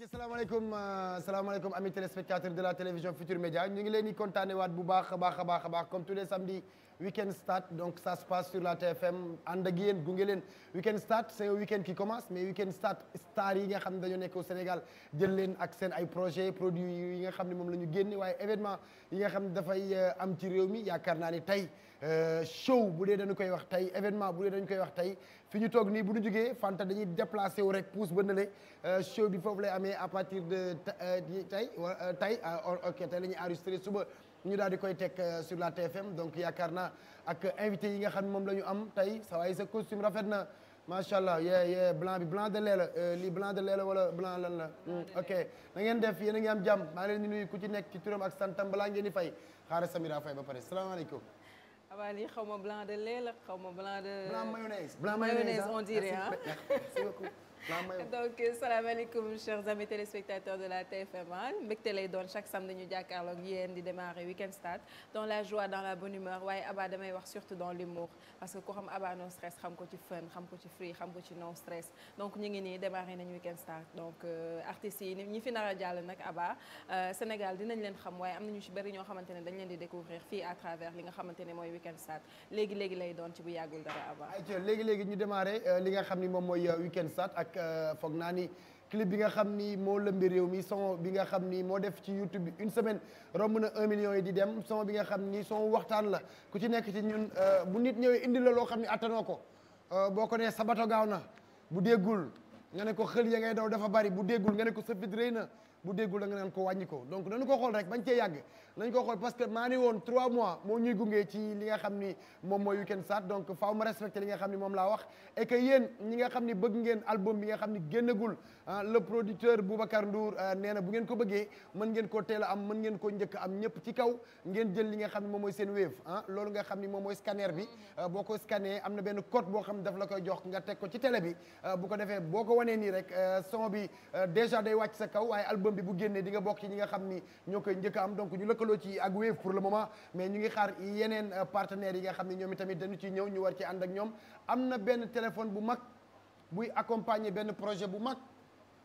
ci salaamaaleykum euh, salaamaaleykum amis téléspectateurs de la télévision Futur Média ñu ngi leen di kontaane waat bu baax a baax a baax a baax comme tous les samedis Week-end Start donc ça se passe sur la TFM ànd ak yéen gunge leen Week-end Start c'est un week-end qui commence mais Week-end Start star yi nga xam ne dañoo nekk au Sénégal jël leen ak seen ay projets produits yi nga xam ne moom la ñu génne waaye événement yi nga xam ne dafay euh, am ci mi yaakaar naa ne tey Euh, show bu dee dañu koy wax tey événement bu dee dañu koy wax tey fi ñu toog nii bu ñu jógee Fanta dañuy déplacé wu rek pousse ba ne le euh, show bi foofu lay amee à partir de euh, tey wala tey ah, ok tey la ñuy enregistré suba ñu daal di koy teg sur la TFM donc yaakaar naa ak invité yi nga xam moom lañu am tey sa waay sa costume rafet na macha allah yee yee blanc bi blanc de lait lii blanc de lait la wala blanc lan la. Hmm, ok na ngeen def yéen ngi am jàmm maa leen di ku ci nekk ci turam ak santam balaa ngeen di fay xaaral ba pare salaamaaleykum. waaw ah lii xaw ma blanc de lait la xaw ma blanc de. blanc mayonnaise blanc mayonnaise on dirait ah. merci beaucoup. donc euh, salaamaaleykum la TFM mbégte lay doon chaque samedi ñu jàkkaarloog yéen di démarrer Week-end Stars dans la joie dans la bonne humeur ñu ngi nii démarrer nañu Week-end Stars donc euh, artistes yi ñi fi nar a jàll nag Abba euh, Sénégal dinañ leen xam waaye am nañu ci bëri ñoo xamante ne dañ leen di découvrir fii à travers li nga xamante ne mooy Week-end léegi léegi lay doon ci bu yàggul dara Abba. léegi léegi ñu démarrer li nga xam ni moom mooy Week-end Stars ak Euh, foog naa ni clip bi nga xam ni moo lëmbi réew mi son bi nga xam ni moo def ci YouTube bi une semaine romb na un million yi di dem son bi nga xam ni son waxtaan la ku ci nekk ci ñun euh, bu nit ñëwee indi la loo xam ni attanoo ko euh, boo ko nee sabato gaaw na bu déggul nga ne ko xël ya daw dafa bari bu déggul nga ne ko sa fit rëy na bu déggul da nga ko wàññi ko donc nañu ko xool rek bañ cee yàgg nañ ko xool parce que maa woon trois mois moo ñuy gunge ci li nga xam ni moom mooy Weekend nga xam ni moom laa wax et que yéen nga xam ni bëgg ngeen album bi nga xam ni génnagul ah, le producteur Boubacar Ndour ah, nee na bu ngeen ko bëggee mën ngeen ko teel a am ngeen ko njëkk am ñëpp ci kaw ngeen jël li nga xam ni moom mooy seen wave ah nga xam ni moom mooy scanner bi ah, boo ko scanné am na benn code boo xam daf la koy jox nga teg ko ci télé bi bu ko defee boo ko wanee nii rek euh, son bi euh, déjà day wàcc sa kaw waaye album bi bu génnee di nga bokk ci ñi nga xam ni ñoo koy njëkk am donc ñu lëkkaloo ci ak Wave pour le moment mais ñu ngi xaar yeneen euh, partenaires yi nga xam ne ñoom itamit dañu ci ñëw ñu war ci ànd ak ñoom am na benn téléphone bu mag buy accompagner benn projet bu mag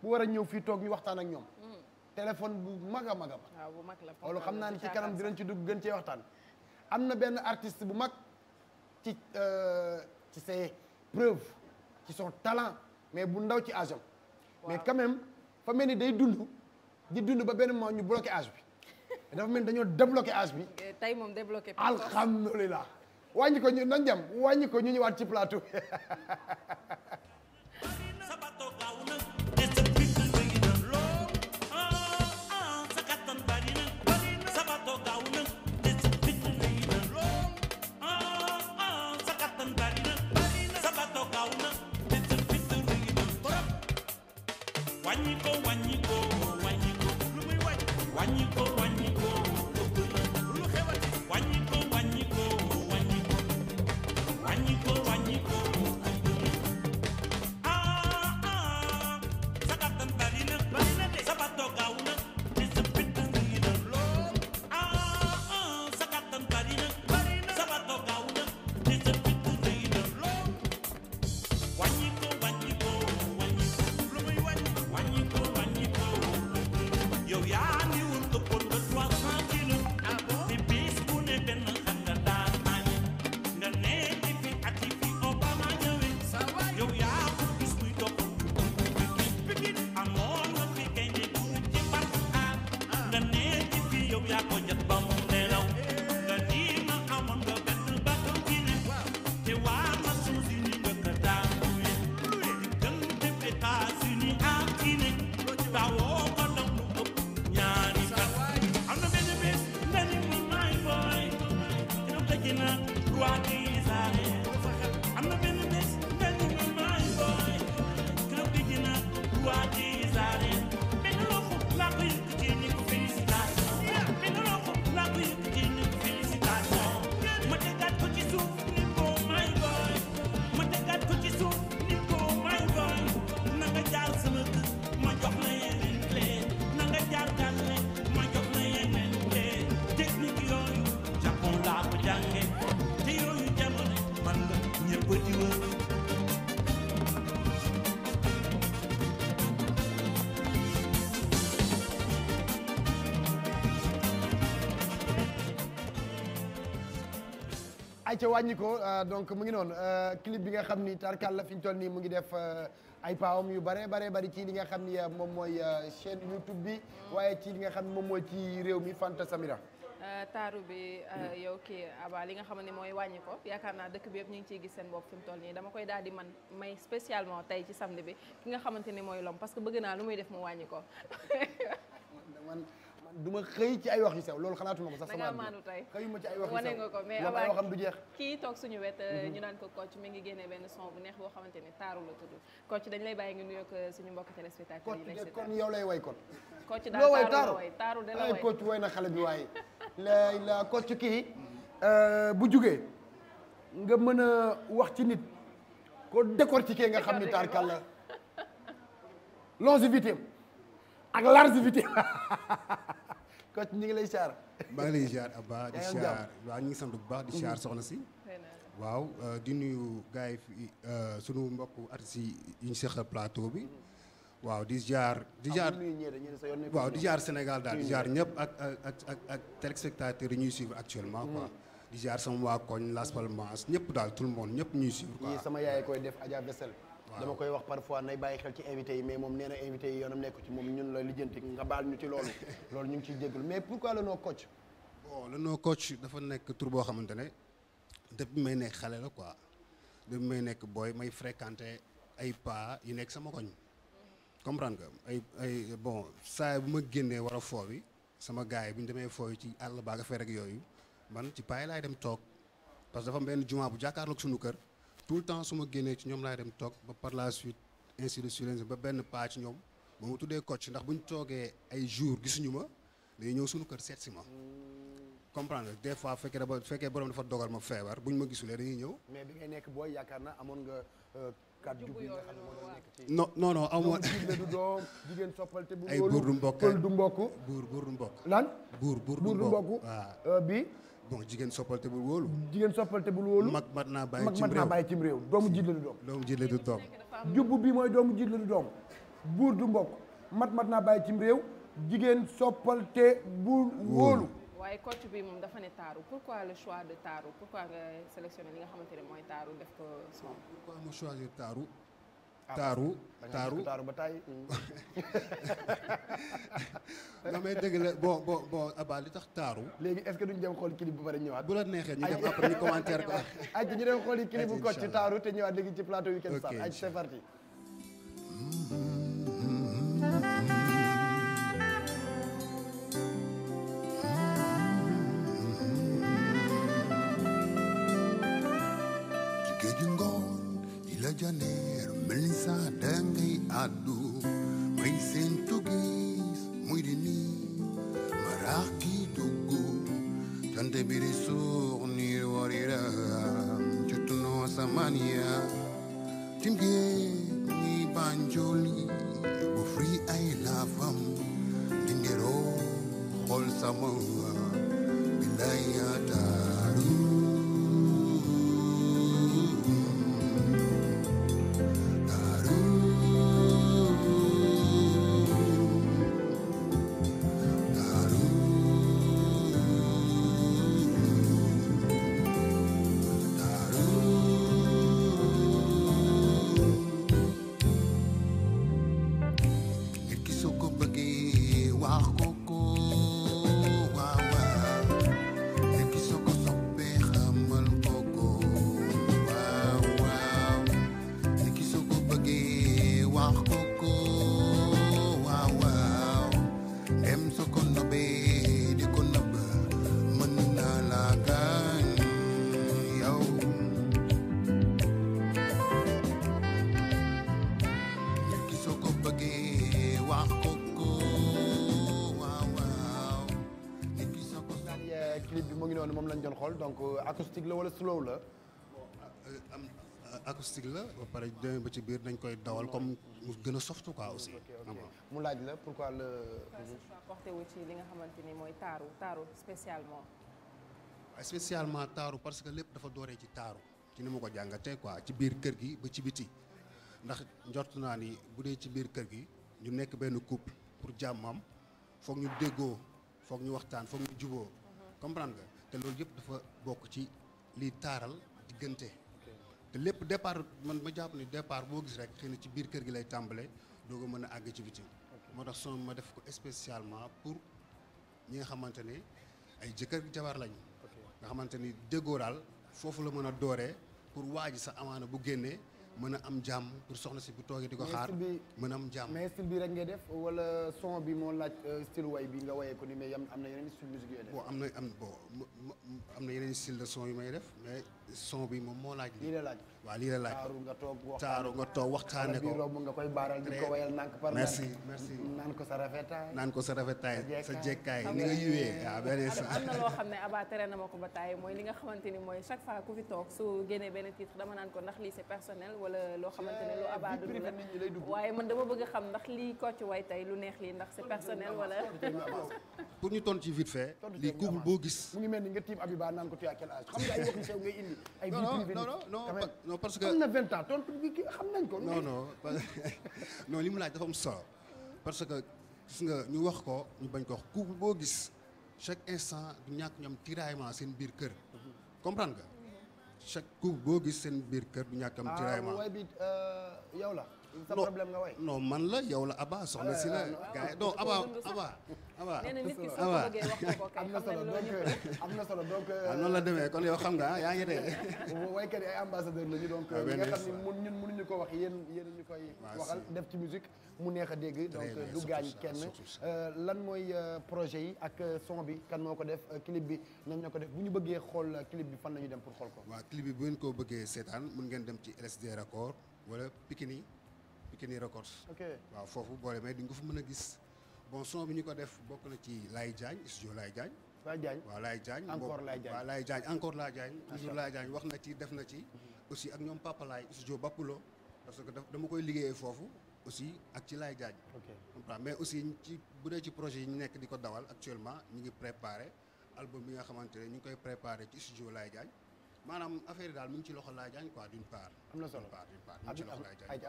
bu war a ñëw fii toog ñu waxtaan ak ñoom hmm. téléphone bu mag a mag a mag la loolu xam naa ni ci kanam dinañ ci dugg gën cee waxtaan am na benn artiste bu mag ci ci mais bu ndaw ci âge am mais quand fa mel ni day dund di dund ba benn moment ñu bloqué âge bi dafa mel ni dañoo débloqué as bi. Euh, tey moom débloqué. alhamdulilah wàññi ko ñu nañ dem wàññi ko ñu ñëwaat ci plateau. wàññi ko wàññi ci wàññi ko euh, donc mu ngi noonu euh, clip bi nga xam ni tarkal la fi nii mu ngi def euh, ay paawam yu bare bare bari ci li nga xam ni moom mooy chaîne YouTube bi waaye ci li nga xam moom mooy ci réew mi Fanta Samira. taaru bi yow kii Aba li nga xam ne mooy wàññi yaakaar naa dëkk bi yëpp ñu ngi ciy gis seen bopp fi mu toll nii dama koy daal di man may spécialement tey ci samedi bi ki nga xamante ni mooy lom parce que bëgg naa lu muy def mu wàññi ko. du ma xëy ci ay wax yu sew loolu xalaatuma ko sax sama maanu tey xëyuma ci ay wax yu sew wane ko mais avant euh, mm-hmm. ko coach mi ngi génnee benn boo xamante ni taaru la tudd coach dañ lay bàyyi nga nuyoog euh, suñu mbokk téléspectateur yi nekk kon yow lay way kon coach daal way taaru na xale bi waaye la coach kii euh, bu jugee nga mën a wax ci nit ko décortiquer nga xam ni taar kàlla longévité ak largivité coach ñu ngi lay siyaar. maa ngi lay siyaar Abba di siyaar waaw ñu ngi sant bu baax di siyaar mhm. soxna si. waaw euh, di nuyu gars yi fii euh, sunu mbokku at si yi ñu seqal plateau bi. waaw di jaar di jaar waaw di jaar Sénégal daal di jaar ñëpp ak ak ak ak téléspectateurs yi ñuy suivre actuellement quoi. Mhm. di jaar sama waa koñ Las Palmas ñëpp daal tout le monde ñëpp ñuy suivre quoi. sama yaay koy def Adja dama koy wax parfois nay bàyyi xel ci invité yi mais moom nee na invité yi yoonam nekku ci moom ñun la lijjanti nga baal ñu ci loolu loolu ñu ngi ciy jégalu mais pourquoi le nom coach bon le nom coach dafa nekk tur boo xamante ne depuis may nekk xale la quoi depuis may nekk booy may fréquenté ay pas yu nekk sama koñ comprendre ay ay bon saa bu ma génnee war a foo bi sama gars yi bu ñu demee foo ci àll baa nga fay rek yooyu man ci paay laay dem toog parce que dafa am benn jumaa bu jàkkaarloog sunu kër tout le temps su ma génnee ci ñoom laay dem toog ba par la suite ainsi suite ba benn paa ci ñoom ba ma tuddee coach ndax bu ñu toogee ay jours gisuñu ma day ñëw suñu kër seet si ma. comprendre nga des fois fekkee dafa fekkee borom dafa dogal ma feebar buñ ma gisulee dañuy ñëw. mais bi ngay nekk booy yaakaar na amoon nga. kàddu euh, gi nga xam ne moo doon nekk amoon du doom jigéen te ay buur du mbokk buur du mbokk. buur buur mbokk. lan buur buur du mbokk bon jigéen soppalte bul wóolu. jigéen soppalte bul wóolu. mag mat naa bàyyi cim réew mag mat naa bàyyi cim réew doomu jiit la du doom. doomu jiit la du doom. bi mooy doomu jiit doom. buur du mbokk mat mat naa bàyyi cim réew jigéen soppalte bul wóolu. waaye coach bi moom dafa ne taaru pourquoi le choix de taaru pourquoi nga sélectionné li nga xamante ne mooy taaru def ko. pourquoi taaru. Ah. taaru taaru taaru ba taay. non mais dëgg la bon bon bon Abba li tax taaru. léegi est-ce que duñ dem xool clip bu bari ñëwaat. bu la neexee ñu dem après ko. ay ñu dem xooli clip bu ko ci taaru te ñëwaat léegi ci plateau week-end sax. ok c'est sa dangay addu may sentu gis muy di nii ma raaki duggu tante biri suux niir wariram juttunoo sa maniya timgee ni banjoli bu fri ay laafam dingeroo xol sama bilayataa xool donc euh, acoustique la wala slow la. Euh, am acoustique la ba pare demee ba ci biir dañ koy dawal comme mu gën a soft aussi. mu laaj la pourquoi le. li nga xamante ni mooy taaru taaru spécialement. taaru parce que lépp dafa dooree ci taaru ci ni ma ko jàngatee quoi ci biir kër gi ba ci biti ndax njort naa ni bu dee ci biir kër gi ñu nekk benn couple pour jàmmam foog ñu déggoo foog ñu waxtaan foog ñu juboo mhm. comprendre nga. loolu yëpp dafa bokk ci liy taaral diggante te lépp départ man ma jàpp ni départ boo gis rek xëy na ci biir kër gi lay tàmbale doo ko mën a àgg ci bitim moo tax son ma def ko espécialement pour ñi nga xamante ne ay jëkkër jabar lañu nga xamante ni déggoo daal foofu la mën a dooree pour waa ji sa amaana bu génnee mën a am jàmm pour soxna si bu toogee di ko a am euh, ko ni mais am na de son yu may la laaj waaw lii la laaj taaru nga toog taaru nga toog waxtaane ko merci merci naan ko sa rafetaay naan ko sa rafetaay sa jekkaay ni nga yiwee waaw beneen sa am na loo xam ne Aba tere na ma ko ba tàyyi mooy li nga xamante mooy chaque fois ku fi toog su génnee benn titre dama naan ko ndax lii c'est personnel wala loo xamante ne lu eh, abaadu la waaye man dama bëgg a xam ndax lii Kocc Way tey lu neex lii ndax c'est personnel wala. pour ñu ton ci vite fait. lii couple boo gis. mu ngi mel ni nga tiim Abiba naan ko tu parce que. am na vingt ans tontu bi kii xam nañ ko. li mu laaj dafa am solo parce que gis nga ñu wax ko ñu bañ ko wax couple boo gis chaque instant du ñàkk ñoom tiraillement seen biir kër mhm. comprendre nga chaque coup boo gis seen biir kër du ñàkkam tiraillement ah, waay bi euh, yow la sa problème nga way non man la yow la Aba soxna si la gars yi donc Aba Aba am na solo donc noonu la demee kon yow xam nga yaa ngi de waykat yi ay ambassadeur lañu donc li nga xam ne mun ko wax yéen yéen ñu koy waxal def ci musique mu neex a dégg donc du gaañ kenn lan mooy projet yi ak son bi kan moo ko def clip bi nan ñoo ko def bu ñu bëggee xool clip bi fan la ñu dem pour xool ko waaw clip bi bu ngeen ko bëggee seetaan mun ngeen dem ci LSD Record wala Pikini Pikini Records. ok waaw foofu boo demee di nga ko fa mën a gis bon son bi ñu ko def bokk na ci Laye Diagne studio Laye Diagne. waaw Laye Diagne. encore Laye Diagne toujours Laye Diagne wax na ci def na ci. Mhm. ak ñoom Papa Laye studio Bapulo parce que dama koy liggéeyee foofu. aussi ak ci Laye Diagne. mais aussi bu dee ci projet yi ñu nekk di ko dawal actuellement ñu ngi préparé album bi nga xamante ne ñu ngi koy préparé ci studio Laye Diagne. maanaam affaire yi daal mu ngi ci loxo laay jaañ quoi d'une part. am na solo d'une part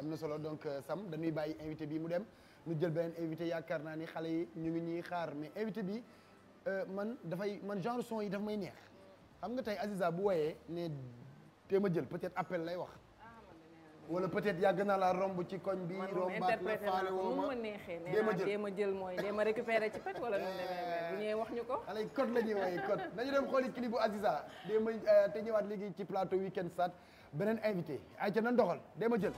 am na solo donc euh, Sam dañuy bàyyi invité bi mu dem ñu jël beneen invité yaakaar naa ni xale yi ñu ngi ñuy xaar mais invité bi euh, man dafay man genre son yi daf may neex xam nga tey Aziza bu woyee ne te ma jël peut-être appel lay wax. wala peut-être yàgg naa laa romb ci koñ bi. romb la faale woo ma man moom interprété ma neexee. nee naa ma jël mooy dee ma récupéré ci pet bu ñëwee wax ñu ko. xale yi code la ñuy wooyee code nañu dem xooli clip bu Aziza dee ma eh, te ñëwaat léegi ci plateau Weekend Stars beneen invité ay ca nan doxal dee ma jël.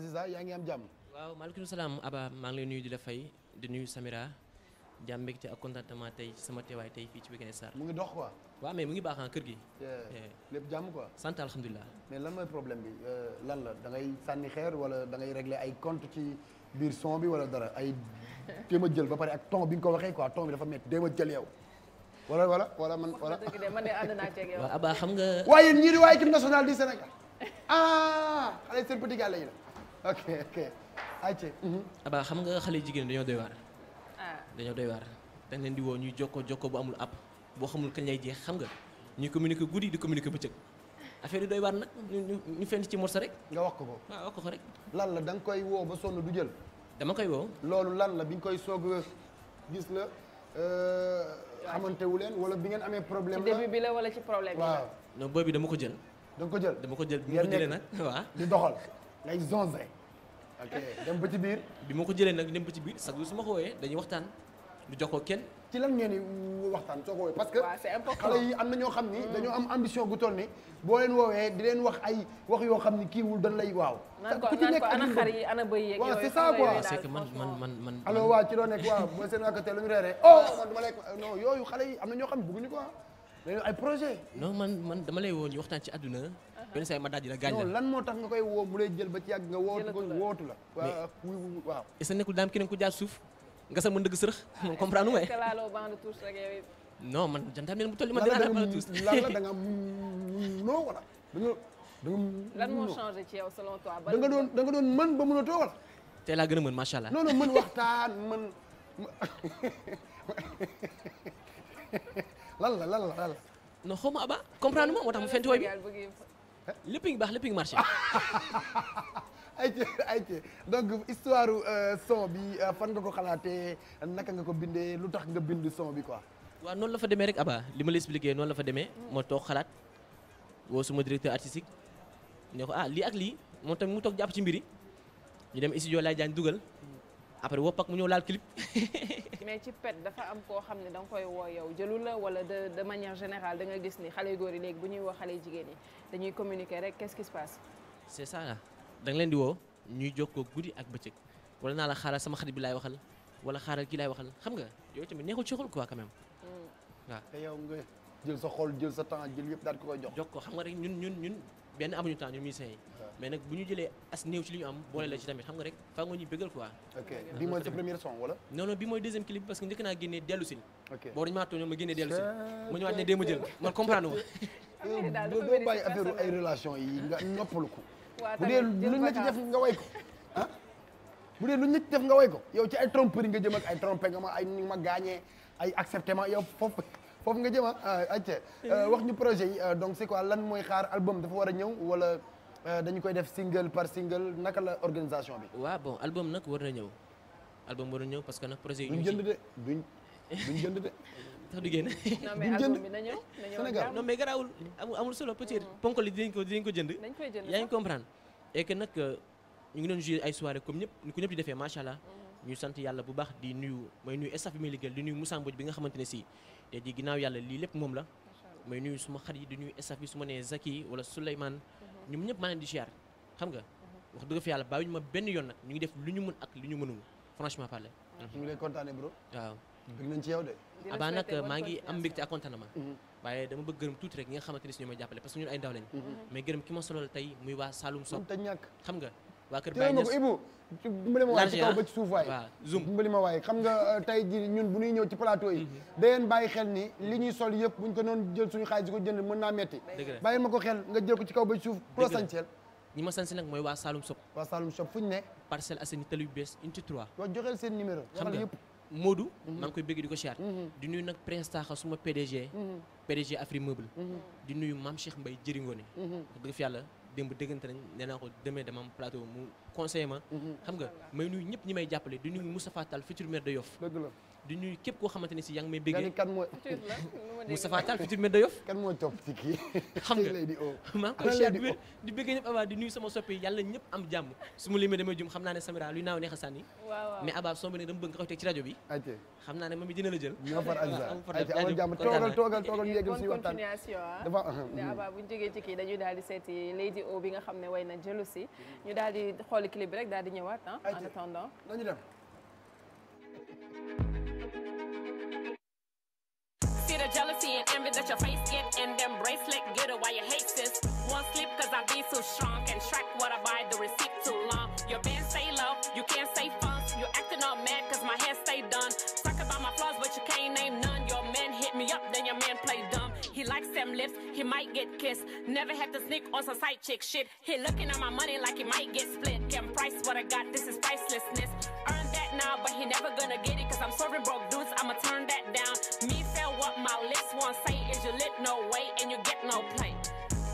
Aziza yaa ngi am jàmm. waaw maaleykum salaam Aba maa ngi lay nuyu di la fay di nuyu Samira di am mbégte ak contentement tey ci sama teewaay tey fii ci Weekend Star. mu ngi dox quoi. waaw mais mu ngi baax ah kër gi. lépp jàmm quoi. sant alhamdulilah. mais lan ma problème bi euh, lan la da ngay sànni xeer wala dangay ngay régler ay compte ci biir son bi wala dara ay téema jël ba pare ak ton bi nga ko waxee quoi ton bi dafa métti déema jël yow. wala wala wala man wala. dëgg de man de ànd xam nga. waaye ñii di waa équipe nationale du Sénégal ah xale seen petit gars ok ok. Mhm. abaa xam nga xale jigéen dañoo doy waar. Ah. dañoo doy waar dañ leen di woo ñuy jokkoo jokkoo bu amul app boo xamul kañ lay jeex xam nga ñuy communiquer guddi di communiquer bëccëg affaire yi doy waar nag ñu ñu fenn ci morsa rek. nga wax ko ko waaw wax ko ko rek. lan la danga koy woo ba sonn du jël. dama koy woo. loolu lan la bi nga koy soog gis la euh, xamante wu leen wala bi ngeen amee problème la ci bi la wala ci problème bi la. waaw non booy bi dama ko jël. da ko jël dama ko jël bi ma ko nag waaw di doxal. lay zonzé. ok dem ba ci biir. bi ma ko jëlee nag dem ba ci biir chaque jour su ma ko wooyee dañuy waxtaan du jox ko kenn. ci lan ngeen di waxtaan soo ko wooyee parce que. waaw c'est important xale yi am na ñoo xam ni. dañoo am ambition gu toll ni boo leen woowee di leen wax ay wax yoo xam ni kii wul dañ lay waaw. ku ci nekk ana xar yi ana bëy yeeg yooyu waaw c'est man man man man. waaw ci loo nekk waaw mooy seen oh. Oh, yooyu xale yi am na ñoo xam ne bëgguñu quoi. Ah. ay projet. non man man dama lay woo ñu waxtaan ci àdduna benn saa yi ma daaj la gaañ la non lan moo tax nga koy woo mu lay jël ba ci yàgg nga wootu ko wootu la waaw est ce nekkul daam keneen ku jaar suuf nga sax ma ndëgg sërëx ah, moom comprendre mooy non man jantam leen bu toll ma dinaa la lan da nga munoo wala da nga lan changé ci yow selon doon da nga doon mën ba mënatoo wala tey laa gën a mën macha allah non non mën waxtaan mën lan lan la lan la xaw ma aba comprendre ma moo tax mu fenti wooy bi lépp ngi baax lépp ngi marché. ayca ayca donc histoire euh, son bi euh, fan nga ko xalaatee naka nga ko bindee lu tax nga bind son bi quoi. waaw noonu la fa demee rek Aba li ma la expliqué noonu la fa demee ma toog xalaat woo suma directeur artistique ne ko ah lii ak lii moom tamit mu toog jàpp ci mbiri ñu dem studio laay jaan dugal. après wopp ak mu ñëw laal clip. mais ci pet dafa am koo xam ne danga koy woo yow jëlu la wala de de manière générale da gis ni xale góor yi léegi bu ñuy woo xale jigéen yi dañuy communiquer rek qu'est-ce qui se passe. ça da leen di woo ñuy jokkoo guddi ak bëccëg wala naa la xaaral sama xarit bi laay waxal wala xaaral kii laay waxal xam nga yow tamit neexul ci xol quoi quand même. Mm. yow nga jël sa xol jël sa temps jël yëpp daal ko koy jox. jox ko xam nga rek ñun ñun ñun. benn amuñu temps ñun musiciens yi mais nag bu ñu jëlee am boole la ci tamit xam nga rek faa nga ñuy bëggal quoi ok bi mooy sa première son wala non non bi mooy deuxième clip parce que njëkk naa génnee dellu sil boo dañu ma génnee ma ñëwaat ne déema jël man ma euh, doo bàyyi affaire ay relation yi nga ko bu dee luñ la ci def nga way ko ah bu dee luñ la ci def nga way ko yow ci ay tromperie nga jëm ak ay trompé nga ma ay ni ma ay accepté yow foofu foofu nga jëma acca ah, ah, euh, wax ñu projet yi euh, donc c'est quoi lan mooy xaar album dafa war a ñëw wala euh, dañu koy def single par single naka la organisation bi waa bon album nag war na ñëw album war na ñëw parce que nag projet yi ñu jënd de duñ jënd de tax du génn duñ jënd Sénégal non hmm. ko jënd yaa ngi comprendre et ñu ngi doon jouer ay soirée comme ñëpp ni ko ñëpp di defee macha allah hmm. ñu sant yàlla bu baax di nuyu mooy nuyu staff bi may liggéeyal di nuyu Moussa Mbodj bi nga xamante ne sii te di ginnaaw yàlla lii lépp moom la may nuyu suma xarit yi di nuyu staff bi su ma nee Zaki wala Souleymane ñoom ñëpp maa leen di siyaar xam nga mhm. wax dëgg fi yàlla bàyyiwuñu ma benn yoon nag ñu ngi def lu ñu mën ak lu ñu mënul franchement parler mhm. ñu ngi lay kontaane bro waaw bëgg maa ngi am mbégte ak contentement mhm. waaye dama bëgg gërëm tuuti rek ñi nga xamante ni si ñoo may jàppale parce que ñun ay ndaw lañ mais gërëm ki ma solol tey muy waa Saloum Sob xam nga waa kër Baye Niass ko Ibou dimbali ma waaye ci kaw ba suuf waaye zoom ma waaye xam nga euh, tey ji ñun bu ñuy ñëw ci palaato yi mhm. da ngeen bàyyi xel ni li ñuy sol yëpp buñ ko noonu jël suñu xaalis di ko jënd mën naa metti bàyyi ma ko xel nga jël ko ci kaw ba ci suuf pro sancel ñi ma sansi nag mooy waa Saloum Shop waa Saloum Shop fuñ ne Parcelles Assainies tali bu bees unité 3 waa joxeel seen numéro xam nga yëpp Modou mhm. maa ngi koy bëgg di ko siyaat mhm. di nuyu nag Prince Taxa suma PDG PDG Afri Meuble di nuyu Mame Cheikh Mbaye jëringone dëgg fi yàlla démb déggante nañ ne naa ko demee dama am plateau mu conseiller ma. Mm-hmm. xam nga may nuyu ñëpp ñi may jàppale di nuyu Moustapha Tall futur maire de Yoff. di nuyu képp koo xamante ne si yaa ngi may béggee kan mooy Moustapha Tall futur maire de Yoff kan mooy topp ci kii di béggee ñëpp Aba di nuyu sama soppe yàlla ñëpp am jàmm su ma limee damay jum xam naa ne Samira luy naaw neex a sànni mais Aba soo bëggee nga xam ne mami dina nga xam ne na jëlu si ñu daal di xool clip bi rek daal di ñëwaat ah, en attendant jealousy and envy that your face get and then bracelet get it why you hate this won't sleep cause I be too strong and track what I buy the receipt too long your band stay low you can't stay fun you acting all mad cause my hair stay done talk about my flaws but you can't name none your man hit me up then your man play dumb he likes them lips he might get kissed never had to sneak on some side chick shit he looking at my money like he might get split can't price what I got this is pricelessness earn that now but he never gonna get it cause I'm serving broke dudes I'ma turn that down me up my list. One say is you lit, no way, and you get no play.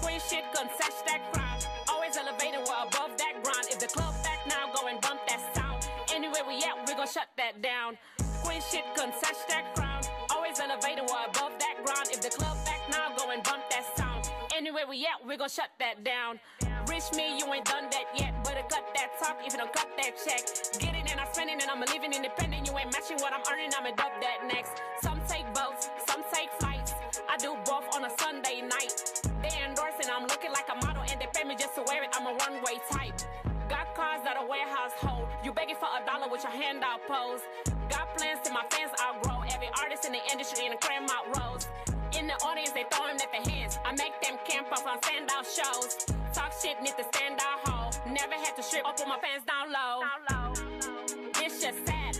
Queen shit couldn't sash that crowd. Always elevated, we're above that grind. If the club back now, go and bump that sound. Anywhere we at, we gon' shut that down. Queen shit couldn't sash that crowd. Always elevated, we're above that grind. If the club back now, go and bump that sound. Anywhere we at, we gon' shut that down. Rich me, you ain't done that yet. Better cut that talk if you don't cut that check. Get it and I spend it and I'm living independent. You ain't matching what I'm earning, I'ma dub that next. Some take votes, I do both on a Sunday night. They endorsing, I'm looking like a model, and they pay just wear it. I'm a runway type. Got cars that a warehouse hold. You begging for a dollar with your hand out pose. Got plans to my fans outgrow. Every artist in the industry in the grandma In the audience, they throwing at the hands. I make them camp up on standout shows. Talk shit, need to stand out hole. Never had to strip up with my fans down low. Down low. It's side,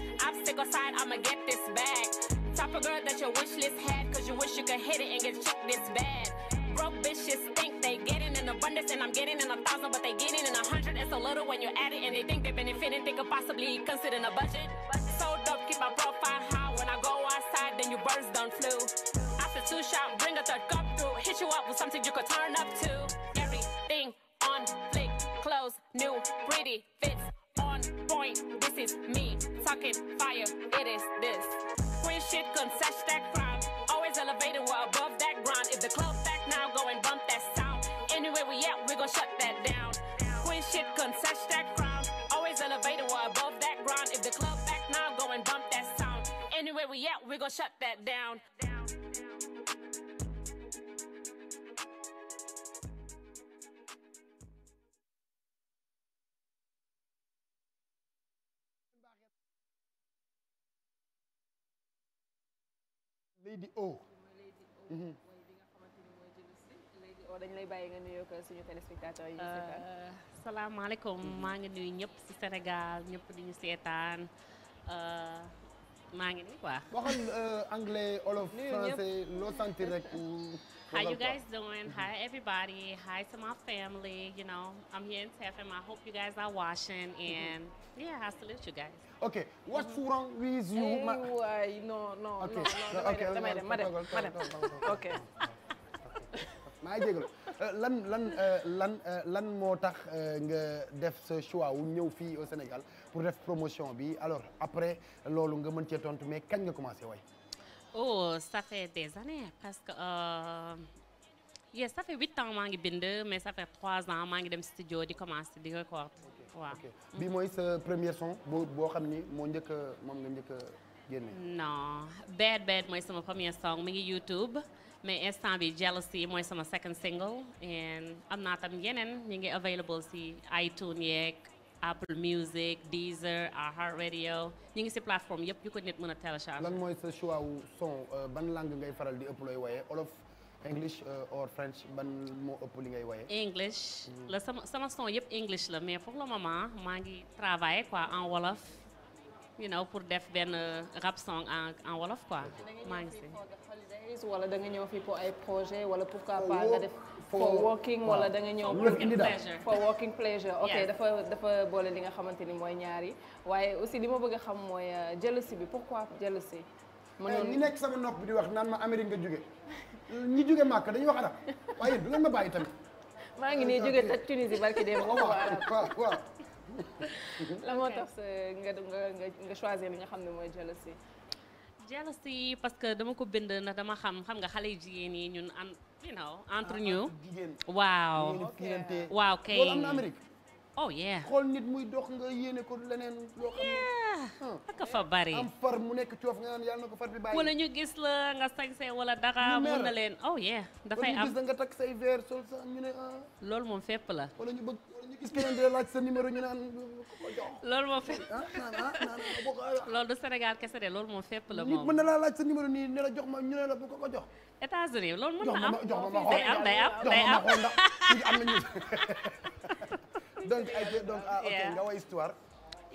type of girl that your wish list had, cause you wish you could hit it and get checked this bad. Broke bitches think they getting in abundance, and I'm getting in a thousand, but they getting in a hundred. It's a little when you're at it, and they think they benefiting, they could possibly consider a budget. So dope, keep my profile high. When I go outside, then you birds done flew. After two shot, bring a third cup through. Hit you up with something you could turn up to. Everything on flick, clothes, new, pretty, fits on point. This is me talking fire. It is this. shit couldn't sash that crowd. Always elevated, we're above that ground. If the club's back now, go and bump that sound. Anywhere we at, we gon' shut that down. Queen shit couldn't sash that crowd. Always elevated, we're above that ground. If the club back now, go and bump that sound. Anywhere we at, we gon' shut that down. down. Lady O. Mhm. mooy bi nga xamante ni mooy jëlu si. Lady O dañu lay bàyyi nga nuyoo ko suñu téléspectateurs yi. Euh, salaamaaleykum mhm. maa ngi nuyu ñëpp si Sénégal ñëpp di ñu seetaan euh, maa ngi nii quoi. waxal euh, anglais olof français loo santi rek. How you guys doing? Hi everybody. Hi to my family. You know, I'm here in TFM. I hope you guys are watching mhm. and yeah, I salute you guys. ok what's wrong with you. waay non non non dem ma dem ma dem ok. maa ngi jégalu lan lan lan lan moo tax nga def ce choix wu ñëw fi au Sénégal pour def promotion bi alors après loolu nga mën cee tontu mais kañ nga commencé way oh ça fait des années parce que euh... yes ça fait huit ans maa ngi bind mais ça fait trois ans maa ngi dem studio di commencé di record waaw bii mooy sa premier son boo xam ni moo njëkk moom nga njëkk a génne. non bad mooy sama premier song mi ngi YouTube mais instant bi jealousy mooy sama second single and am naa tam yeneen ñu ngi available si iTunes yeeg Apple Music Deezer iHeartRadio ni ngi si plateforme yëpp yu ko nit mën a télécharger. lan mooy sa choix wu son euh, ban langue ngay faral di ëpp looy woyee English euh, or French ban moo ëpp li ngay woye English hmm. la sama sama son yëpp English la mais pour le moment maa ngi travailler quoi en wolof you know pour def benn euh, rap song en en wolof quoi maa ngi si wala da nga ñëw fii pour ay projet wala pourquoi oh, pas nga def for working wala da nga ñëw for working pleasure ok dafa dafa boole li nga xamante ni mooy ñaari waaye aussi li ma bëgg a xam mooy euh, jealousy bi pourquoi jealousy eh, mënoon li nekk sama nopp bi di wax naan ma Amérique nga jóge ñu jóge màkk dañuy wax arab waaye yéen du ngeen ma bàyyi tamit. maa ngi nii jóge ta Tunisie barki dem ma waaw la moo tax euh, nga nga nga choisir li nga xam ne mooy jealousy. jealousy parce que dama ko bind na dama xam xam nga xale yi jigéen yi ñun am you know entre ah, ñu. waaw waaw kay. oh yeah xool nit muy dox nga yéene ko leneen loo xam ne ak far mu nekk coof nga naan yàlla na ko far bi bàyyi wala ñu gis la nga sañse wala dara mën na leen oh yeah dafay am wala nga takk say verre sol sa ñu ne ah. moom fépp la wala ñu bëgg wala numéro ñu naan ko jox loolu moom ah, ah, loolu du Sénégal la moom mën na laa laaj sa numéro nii ne la jox ma ñu ne la bu ko ko jox États-Unis loolu mën na am jox ma ma xool day am day am day am am nañu donc I get, donc ah ok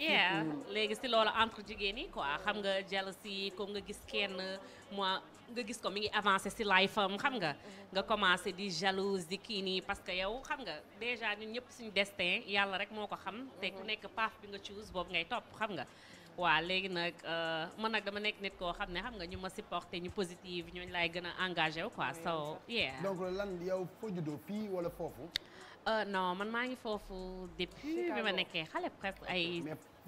nga mm-hmm. léegi si loolu entre jigéen yi quoi xam nga jealousy ko nga gis kenn moi nga gis ko mu ngi avancé si life am xam nga. Mm-hmm. nga commencé di jalouse di kii nii parce que yow xam nga déjà ñun ñëpp suñu destin yàlla rek moo ko xam. te ku mm-hmm. nekk paaf bi nga choose boobu ngay topp xam nga. waa léegi nag euh, man nag dama nekk nit koo xam ne xam nga ñu ma supporté ñu positive ñooñu laay gën a engagé wu quoi so yeah. donc lan yow foo juddoo fii wala foofu. Euh, non man maa ngi foofu depuis bi ma nekkee xale presque ay.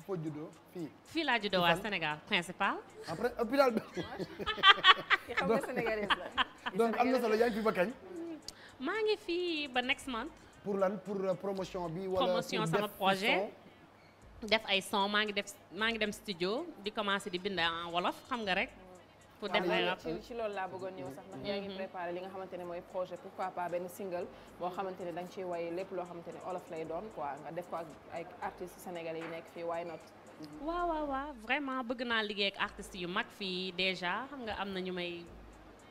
foo juddoo fii. laa judo waa Sénégal principal. après hôpital bi. xam nga sénégalais la. donc am na solo yaa ngi ba kañ. maa ngi fii ba next month. pour lan pour euh, promotion bi. wala promotion sama projet. def ay son maa ngi def maa ngi dem studio di commencer di bind en wolof xam nga rek. pour ah, def ay rap ci loolu laa bëggoon ñëw sax ndax yaa ngi mhm. préparé li nga xamante ne mooy projet pourquoi pas benn single boo xamante ne da nga ciy waye lépp loo xamante ne olof lay doon quoi nga def ko ak ay artistes sénégalais yi nekk fii why not mhm. waaw vraiment bëgg naa liggéey ak artistes yu mag fii déjà xam nga am na ñu may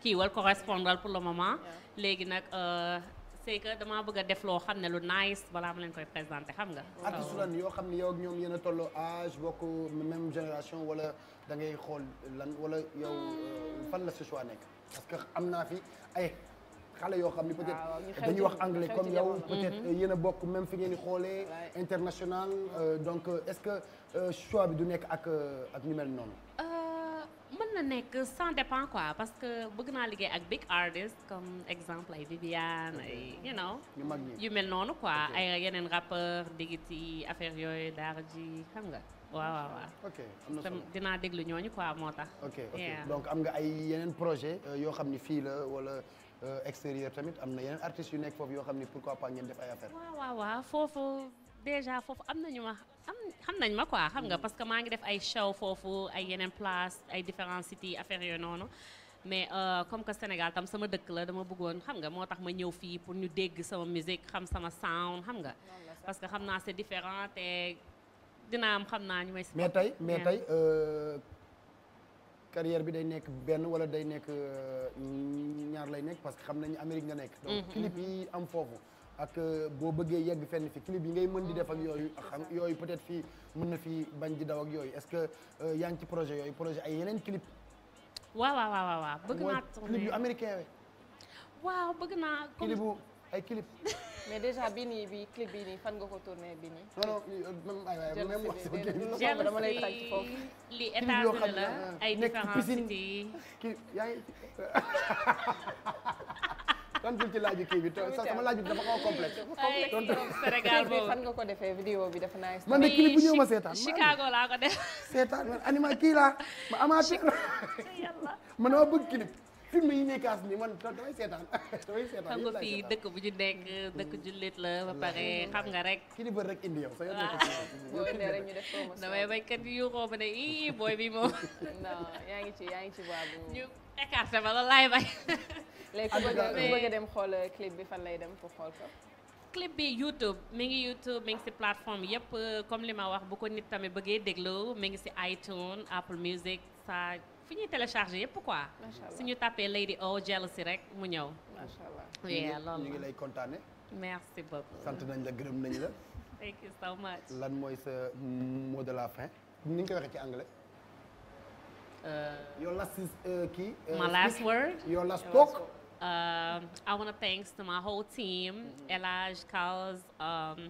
kiiwal correspondre pour le moment léegi nag euh, c'est que damaa bëgg a def loo xam ne lu nice balaa ma leen koy présenté xam nga. artiste lan yoo xam ne yow ak ñoom yéen a tolloo âge bokk même génération wala da ngay xool lan wala yow euh, fan la sa choix nekk parce que am naa fi ay. xale yoo xam ni peut-être dañuy wax anglais comme yow peut mm-hmm. yéen a bokk même fi ngeen di xoolee international euh, donc euh, est-ce que choix bi du nekk ak ak ñu mel noonu mën na nekk ça dépend quoi parce que bëgg naa liggéey ak big artist comme exemple ay Viviane ay you know yu mel noonu quoi ay yeneen rappeur digiti affaire yooyu daara ji xam nga waaw waaw waaw na solo dinaa déglu ñooñu quoi moo tax. ok ok donc am nga ay yeneen projet euh, yoo xam ni fii la wala euh, extérieur tamit am na yeneen artistes yu nekk foofu yoo xam ni pourquoi pas ngeen def ay affaire foofu déjà foofu am na ñu ma am xam nañ ma quoi xam nga parce que maa ngi def ay show foofu ay yeneen place ay différents cités affaires yooyu noonu mais euh, comme que Sénégal tam sama dëkk la dama bëggoon xam nga moo tax ma ñëw fii pour ñu dégg sama musique xam sama sound xam nga parce que xam naa c'est différent te dina am xam naa ñu may si mais tey mais euh, tey carrière bi day nekk benn wala day nekk euh, ñaar lay nekk parce que xam nañu Amérique nga nekk mm-hmm. donc clip yi am foofu ak euh, boo bëggee yegg fenn fi clip yi ngay mën di def ak yooyu xam yooyu peut-être fii mën na fi bañ di daw ak yooyu est-ce que euh, yaa ngi ci projet yooyu projet ay yeneen clip. waaw waaw waaw waaw bëgg naa tourner clip yu américain we waaw bëgg naa comme clip bu ay clip. mais déjà bii nii bii clip bii nii fan nga ko tourné bii nii. non non euh, aywa même wax dama lay tàcc foofu. li état la ay différence yi. yaa ngi. tontul ci laaju kii bi sama laaj bi dafa xaw a complexe. tontu Sénégal nga ko defee vidéo bi dafa nice. man de clip bu ñëw ma seetaan Chicago laa ko de seetaan man anima kii laa ma amateur yàlla man dama bëgg clip. film yi ñuy kaas ni man damay seetaan damay seetaan xam nga fii dëkk bu ñu nekk dëkk jullit la ba pare xam nga rek ki di bër rek indi yow sa yoon rek ñu def promotion damay baykat yi yuuxoo ma ne ii booy bi moom non yaa ngi ci yaa ngi ci baabu écarté ma la laay bay. léegi ku bëgg dem xool clip bi fan lay dem pour xool ko. Uh, clip bi e YouTube mi ngi YouTube mi ngi si plateforme yëpp uh, comme li ma wax bu ko nit tamit bëggee déglu mi ngi ci iTunes Apple Music sa fi ñuy télécharger yëpp quoi. macha allah tappee ñu di Lady O Jealousy rek mu ñëw. macha allah oui loolu ñu ngi lay kontaane. merci beaucoup sant nañ la gërëm nañ la. thank you so much. lan mooy sa mot de la fin ni nga ko waxee ci anglais. Uh, your last is uh, key. Uh, my last word. Your last talk. Um, I want to thanks to my whole team, mm -hmm. Elaj, Cause, um,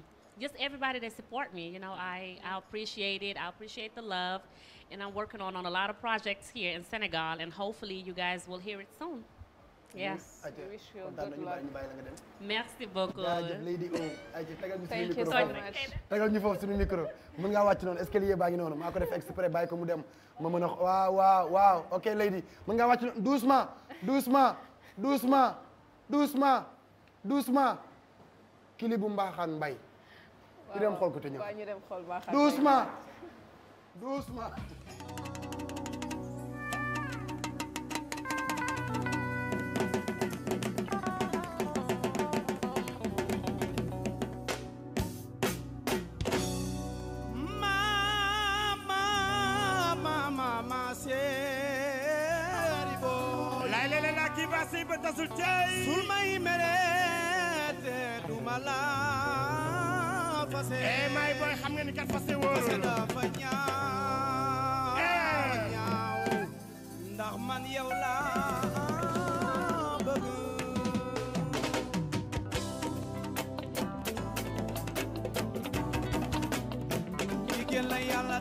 just everybody that support me. You know, I, I mm-hmm. appreciate it. I appreciate the love. And I'm working on, on a lot of projects here in Senegal, and hopefully you guys will hear it soon. yes ayca kontaan nañu bàyyi ñu bàyyi la nga dem. merci beaucoup jaajëf Lady O ayca tegal ñu suñu micro tegal ñu foofu suñu micro mën ngaa wàcc noonu escalier ko def exprès bàyyi ko mu dem ma mën a waaw waaw waaw ok Lady mën ngaa wàcc noonu doucement doucement doucement doucement doucement kili bu mbaaxaan mbay. ñu dem xool ko te ñëw ñu dem xool mbaaxaan mbay doucement doucement. man yow laa bëgg jigéen la yàlla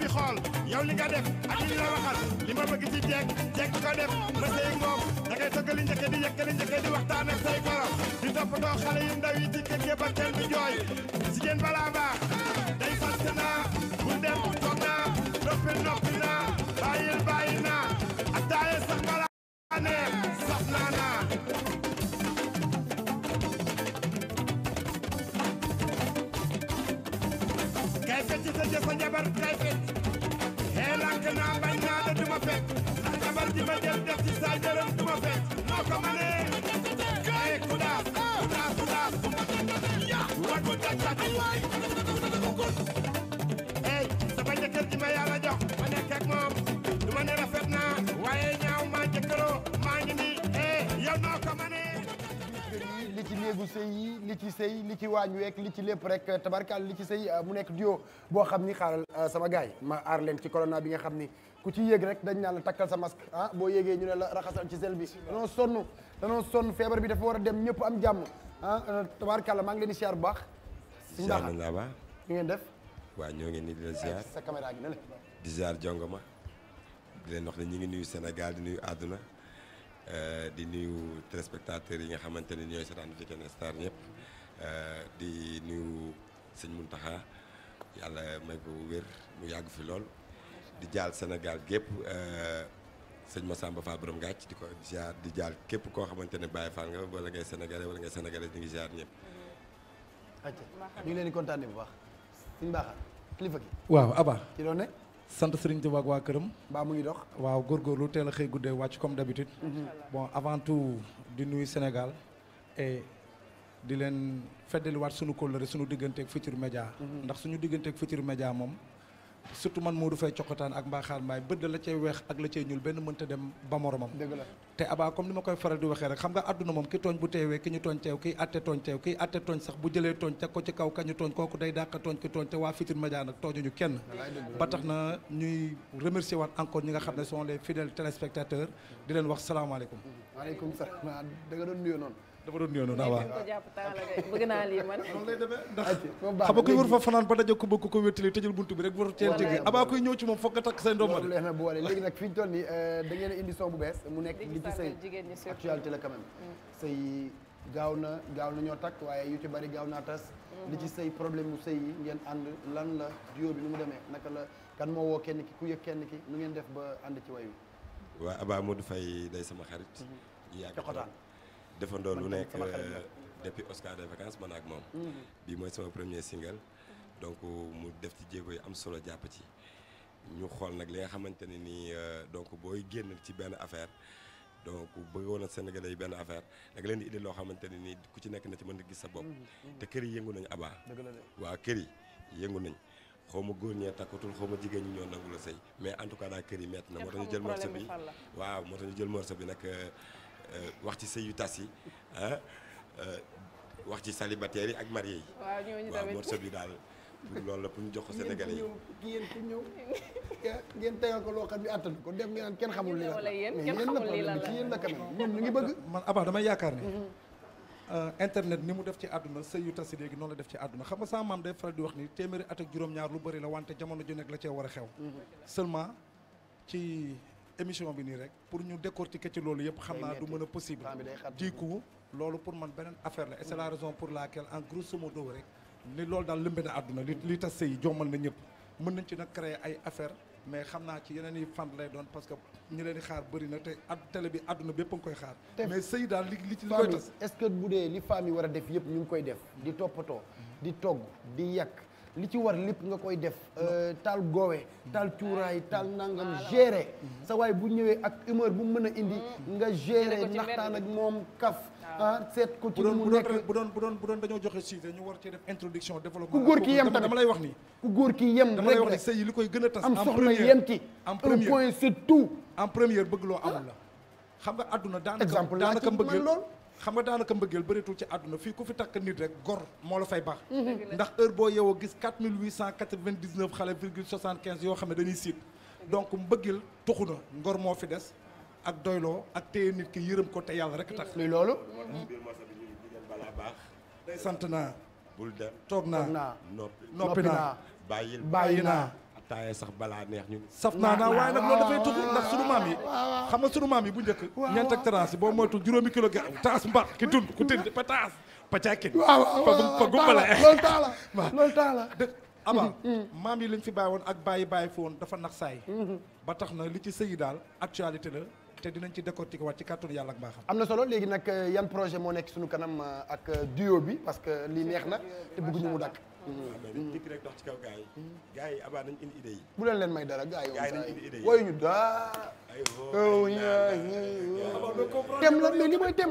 fi xool yow li nga def ak li la waxal li ma bëgg ci jeeg jeeg ko ma sey moom da ngay tëggali njëkk di yëkkali njëkk di say koro di toppatoo xale yu ndaw yi ci kër jooy jigéen balaa baax day fàtt naa bu dem toog naa noppi noppi naa bàyyil bàyyi naa jërëm du ma fekk noo ko mënee kay kudaas kudaas kudaas war bu tak tak waay hey sama jëkkër ji ma yàlla jox ma nekk ak moom du ma ne rafet naa waaye ñaaw maa jëkkëroo maa ngi nii hey yow noo ko mënee li ci néegu sëy yi li ci sëy li ci waañ week li ci lépp rek tabarkaal li ci sëy euh, mu nekk duo boo xam ni xaaral euh, sama gaay ma aar leen ci corona bi nga xam ni ku ci yéeg rek dañ naan la takkal sa masque ah boo yéegee ñu ne la raxasal ci sel bi danoo sonn danoo sonn feebar bi dafa war a dem ñëpp am jàmm ah euh, tabarkaal leen di bu baax suñu baax la ba ñu ngeen def waaw ñoo ngi ni di la ziar sa caméra gi ne la di di leen wax ne ñu ngi nuyu Sénégal di nuyu àdduna di nuyu téléspectateurs yi nga xamante ne ñooy seetaan Week End Euh, di nuyu sëñ Muntaxa yàlla may ko wér mu yàgg fi lool di jaal Sénégal gépp euh, sëñ Massamba Fall borom gàcc di ko ziar di jaal képp koo xamante ne Baye Fall nga wala ngay sénégalais wala ngay sénégalais mm-hmm. ñu ngi ziar ñëpp. ñu leen di kontaanee bu baax. suñu baax kilifa gi. waaw Aba. ci doon ne. sant waa këram. mbaa mu ngi dox. waaw góorgóorlu teel a xëy guddee wàcc comme d'habitude mm-hmm. bon avant tout di nuyu Sénégal di leen feddaliwaat suñu kóllëre suñu digganteeg Futurs Médias mhm. ndax suñu digganteeg Futurs Médias moom surtout man Modou Faye Cokotaan ak Mbaxaar Mbaay bëdd la cay weex ak la cay ñuul benn mënta dem ba moromam dëgg la te abaa comme ni ma koy faral di waxee rek xam nga àdduna moom ki tooñ bu teewee ki ñu tooñ teew kiy atte tooñ teew kiy atte tooñ sax bu jëlee tooñ teg ko ci kaw kañu tooñ kooku day dàq tooñ ki tooñ te waa Futurs Médias nag tooñuñu kenn ba tax ñi nga xam ne sont les fidèles téléspectateurs leen wax salaamaaleykum waaleykum salaam ah, da nga doon nuyoo noonu dafa doon yoonu naa ah, naa lii man. ndax xam nga kuy war fa fanaan ba daje ko bëgg ko wéttali tëjal buntu bi rek war cee jege abaa kuy ñëw ci moom foog nga takk say ndomba de. na euh, mm. say gaaw na gaaw na ñoo takk waaye yu ci bari gaaw naa tas mm-hmm. li ci say problème bu sëy yi ngeen ànd lan la duo bi nu mu demee naka la kan moo woo kenn ki ku yëg kenn ki nu ngeen def ba ànd ci way wi waaw abaa Modou Faye day sama xarit mm-hmm. coxotaan defandoo lu nekk euh, depuis Oscar des vacances man ak moom. Mm. bi mooy sama premier single. donc mu def ci jéego yi am solo jàpp ci. ñu xool nag li nga xamante ne nii euh, donc booy génn ci benn affaire donc bëggoon a Sénégalais yi benn affaire da leen indi loo xamante ne nii ku ci nekk na ci mën a gis sa bopp. Mm, mm. te kër yi yëngu nañu abaa. waaw kër yi yëngu nañ xaw ma góor ñee takkatul xaw ma jigéen ñi ñoo nangu la sëy mais en tout cas daal kër yi métti na moo tax ñu jël morceau bi waaw moo tax ñu jël morceau bi nag. Euh, Euh, wax ci sëyu tas yi ah wax ci célibataires yi ak mariés yi. waaw ñooñu tamit waaw morceau bi daal pour loolu la pour ñu jox ko Sénégalais yi. ngeen ku ñëw ngeen tegal ko loo xam ne attan ko dem ngeen kenn kenn xamul li la la yéen la kanam ñun ñu ngi bëgg. man Abba damay yaakaar ni. Mhm. Euh, internet ni mu def ci àdduna sëy yu tas léegi noonu la def ci àdduna xam nga sama maam day faral di wax ni téeméeri at ak juróom-ñaar lu bëri la wante jamono ju nekk la cee war a xew. Mhm. seulement ci. émission bi nii rek pour ñu décortiquer ci loolu yëpp xam naa du mën a possible du coup loolu pour man beneen affaire la et c'est la raison pour laquelle en grosso modo rek ni loolu daal lëmbe na àdduna li li tas sëy jommal na ñëpp mën nañ ci na créer ay affaire mais xam naa ci yeneen yi fan lay doon parce que ñu leen di xaar bëri na te at bi àdduna bépp a ngi koy xaar mais sëy daal li li ci li koy tas est que bu dee li femmes war a def yëpp ñu ngi koy def di toppatoo di togg di yàq li ci war lépp nga koy def euh, taal goowe mm. taal cuuraay taal mm. nangam gérer mm. sa waay bu ñëwee ak humeur bu mën a indi nga gérer naxtaan ak moom kaf ah seet ko ci mu nekk bu doon bu doon bu doon dañoo joxe suite ñu war cee def introduction développement ku góor ki yem tamit dama lay wax ni ku góor ki yem dama lay wax ni li koy gën a tas am soxna yem ci en premier un point c'est tout en première bëgg loo amul la xam nga àdduna daanaka daanaka mbëggeel lool xam nga daanaka mbëggeel bëreetul ci àdduna fii ku fi takk nit rek gor moo la fay baax ndax heure boo yeewoo gis 4899 xale virgule 75 yoo xam ne dañuy siit donc mbëggeel tuxu na ngor moo fi des ak doyloo ak téye nit ki yërëm ko te yàlla rek tax luy loolu balaa baax day sant naa bul dem toog naa noppi noppi naa bàyyi bàyyi naa ataaya sax balaa neex ñun. saf naa naa waaye nag loolu dafay tuxu ndax sunu maam yi. xam nga sunu maam yi bu njëkk. ñeent ak teraas boo boo moytu juróomi kilo gi taas mbax ki tund ku tëdd ba taas. ba caakin. waaw waaw waaw taala loolu maam yi lañ fi bàyyi woon ak bàyyi bàyyi fi woon dafa nax saay mm-hmm. ba tax na li ci sëyi daal actualité la te dinañ ci décortiquer waat ci kàttanu yàlla ak baaxam am na solo léegi nag euh, yan projet moo nekk suñu kanam euh, ak euh, duo bi parce que li neex na te bëgguñu mu dakk waaw mm. mais dañu mm. dikk rek ci kaw gars yi. Mm. gars yi abaa nañu indi idée yi. bu leen leen may dara gars yi. gars yi nañu indi idée yi woyu ñu daa. aywa aywa la mais li mooy dem.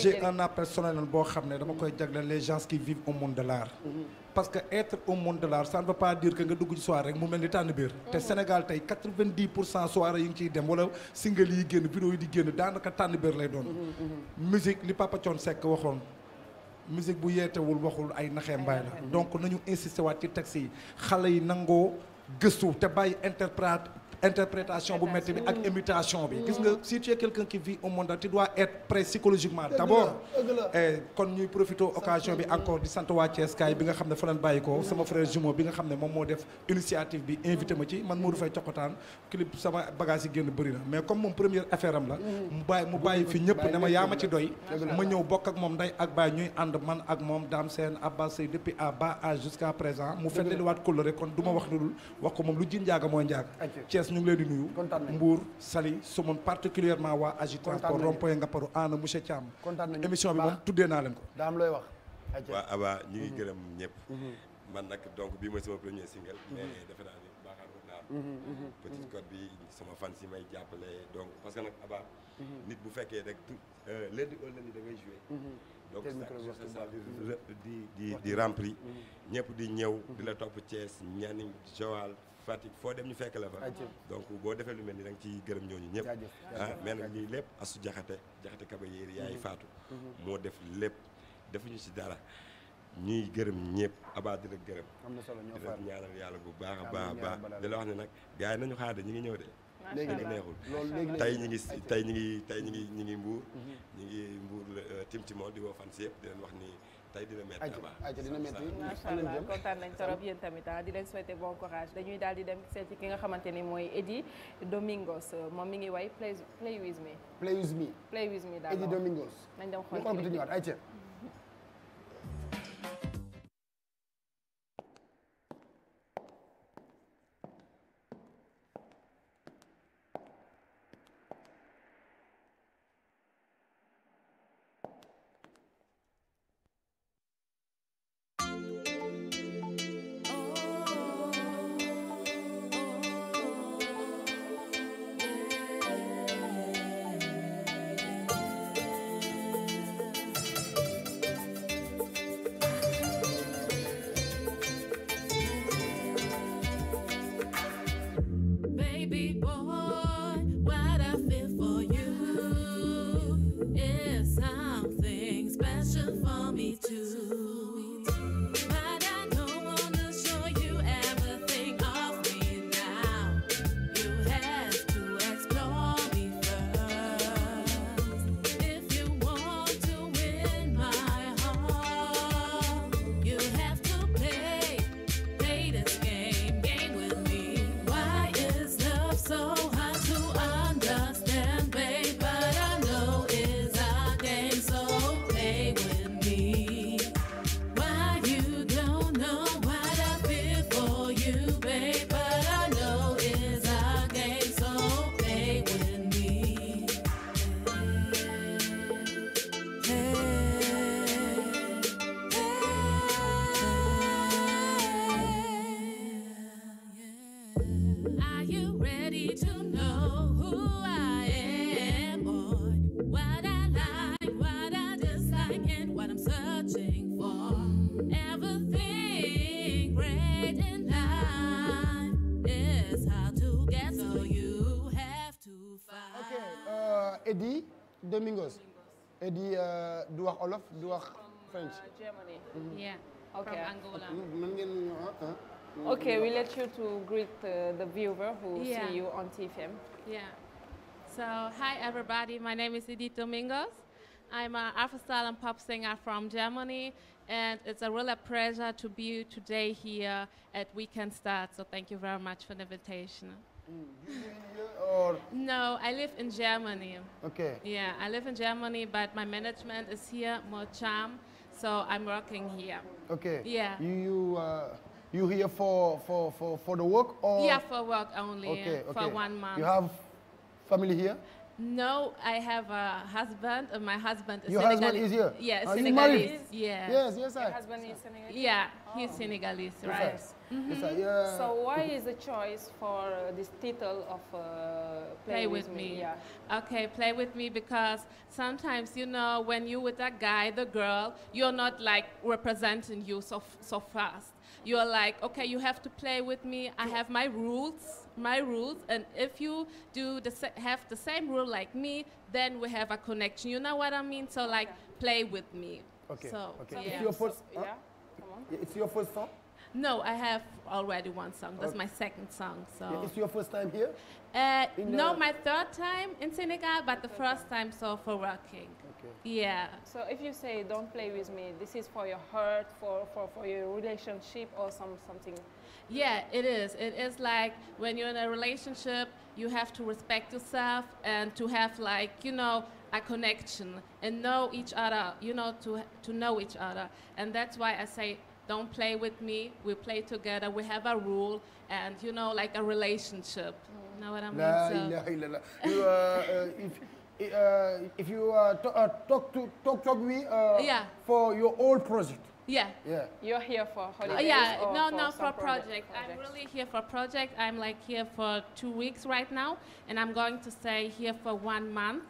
j'ai un appel personnel boo xam ne dama koy jagleel les gens qui vivent au monde de l'art mm-hmm. parce que être au monde de l'art ça ne pas dire que nga dugg ci soirée rek mu mel ni tànn biir te mm-hmm. Sénégal tey quatre-vingt-dix pour cent soirée yi ngi ciy dem wala single yi génn vidéo yi di génn daanaka tànn biir lay doon mm-hmm, musique li Papa Thione Seck waxoon musique bu yeetewul waxul ay naxee mbaay la donc nañu insister waat ci texte yi xale yi nangoo gëstu te bàyyi interprète interprétation bu métti bi ak imitation bi gis nga si tu es quelqu'un qui vit au monde tu dois être prêt psychologiquement d'abord eh, kon ñuy profité occasion bi encore di sant waa Thiès kaay bi nga xam ne fa lañ bàyyi ko sama frère Jumo bi nga xam ne moom moo def initiative bi invité ma ci man Modou Faye Cokotaan clip sama bagage yi génn bëri na mais comme moom première affaire am la mm-hmm. mu bàyyi mu bàyyi fi ñëpp ne ma yaa ma ci doy ma ñëw bokk ak moom nday ak baay ñuy ànd man ak moom Dame Sène Abbas Sey à bas âge jusqu'à présent mu feddaliwaat kóllëre kon du ma wax lu dul wax ko moom lu ji njaaga mooy ñu ngi leen di nuyu. Mbour Saly Somone particulièrement waa Agi Transport Rompoye Ngaparou Anna monsieur Thiam. émission bi moom tuddee naa leen ko. daa am wax. waa Aba ñu ngi mhm. gërëm ñëpp. Mhm. man nag donc bii mooy sama premier single. Mhm. mais defe naa ni baaxaat naa. Petite Côte bi sama fan si may jàppale donc parce que nag Aba. Mhm. nit bu fekkee rek tout euh, lundi au lundi da ngay joué. Mhm. donc ça di di di rempli. Mhm. ñëpp di ñëw di la topp cees Nianing Joal Fatick foo dem ñu fekk la fa. donc boo defee lu mel ni da nga ciy gërëm ñooñu ñëpp. ah mais nag lii lépp asu jaxate jaxate kaba yéeri yaay faatu. moo def lépp defuñu ci dara. ñuy gërëm ñëpp abaa di la gërëm. am na solo ñoo faral ñaanal yàlla bu baax a baax a baax di wax ne nag gaa yi nañu xaar de ñu ngi ñëw de. léegi nag neexul tey ñi ngi tey ñi ngi tey ñi ngi mbuur mhm. ñi ngi euh, di woo fan si yëpp wax ni tey dina métti aja dina allah kontaan nañ torop yéen tamit ah di leen souhaiter bon courage dañuy daal di dem seeti ki nga xamante ni mooy Eddie Domingos moom mi ngi way play play with me play with me play with me daal Eddie nañ dem xool ñu xool ko ñëwaat Germany? Uh, Germany. Mm-hmm. Mm -hmm. Angola. Ah. Okay, we let you to greet uh, the viewer who yeah. see you Domingos. I'm an afro and pop singer from Germany, and it's a real pleasure to be today here at Weekend Start. So thank you very much for the invitation. Mm, or? No, I live in Germany. but my management is here, Mocham, So I'm working here. Okay. Yeah. You, you uh, you here for, for, for, for the work or? Yeah, for work only. Okay, okay. For one month. You have family here? No, I have a husband. Uh, my husband is Your Senegalese. husband is here? Yeah, Are Senegalese. You married? Yeah. Yes, yes, I. Your husband is Senegalese? Yeah, oh. he's Senegalese, right? Yes. Mhm. So why is the choice for uh, this title of uh, play, with, me? Okay, play with me because sometimes you know when you with a guy, the girl, you're not like representing you so so fast you're like, okay, you have I have my rules, my rules, the same rule like me, then we have a connection. You know what I mean? So like, play with me. It's your first. So, No, I have already one song. That's okay. my second song. So yeah, it's your first time here? Uh, no, uh, my third time in Senegal, but the first time so for working. Okay. Yeah. So if you say don't play with me, this is for your hurt, for, for, for your relationship or some something. Yeah, it is. It is like when you're in a relationship, you have to respect yourself and to have like, you know, a connection and know each other, you know, to to know each other. And that's why I say don't play with me. We play together. We have a rule and, you know, like a relationship. You mm. know what I mean? La so ilaha illallah. You, uh, uh, if, uh, if you uh, to, uh, talk to talk talk me uh, yeah. for your old project. Yeah. Yeah. You're here for holidays. yeah. no, no, for, for project. project. I'm really here for project. I'm like here for two weeks right now, and I'm going to stay here for one month.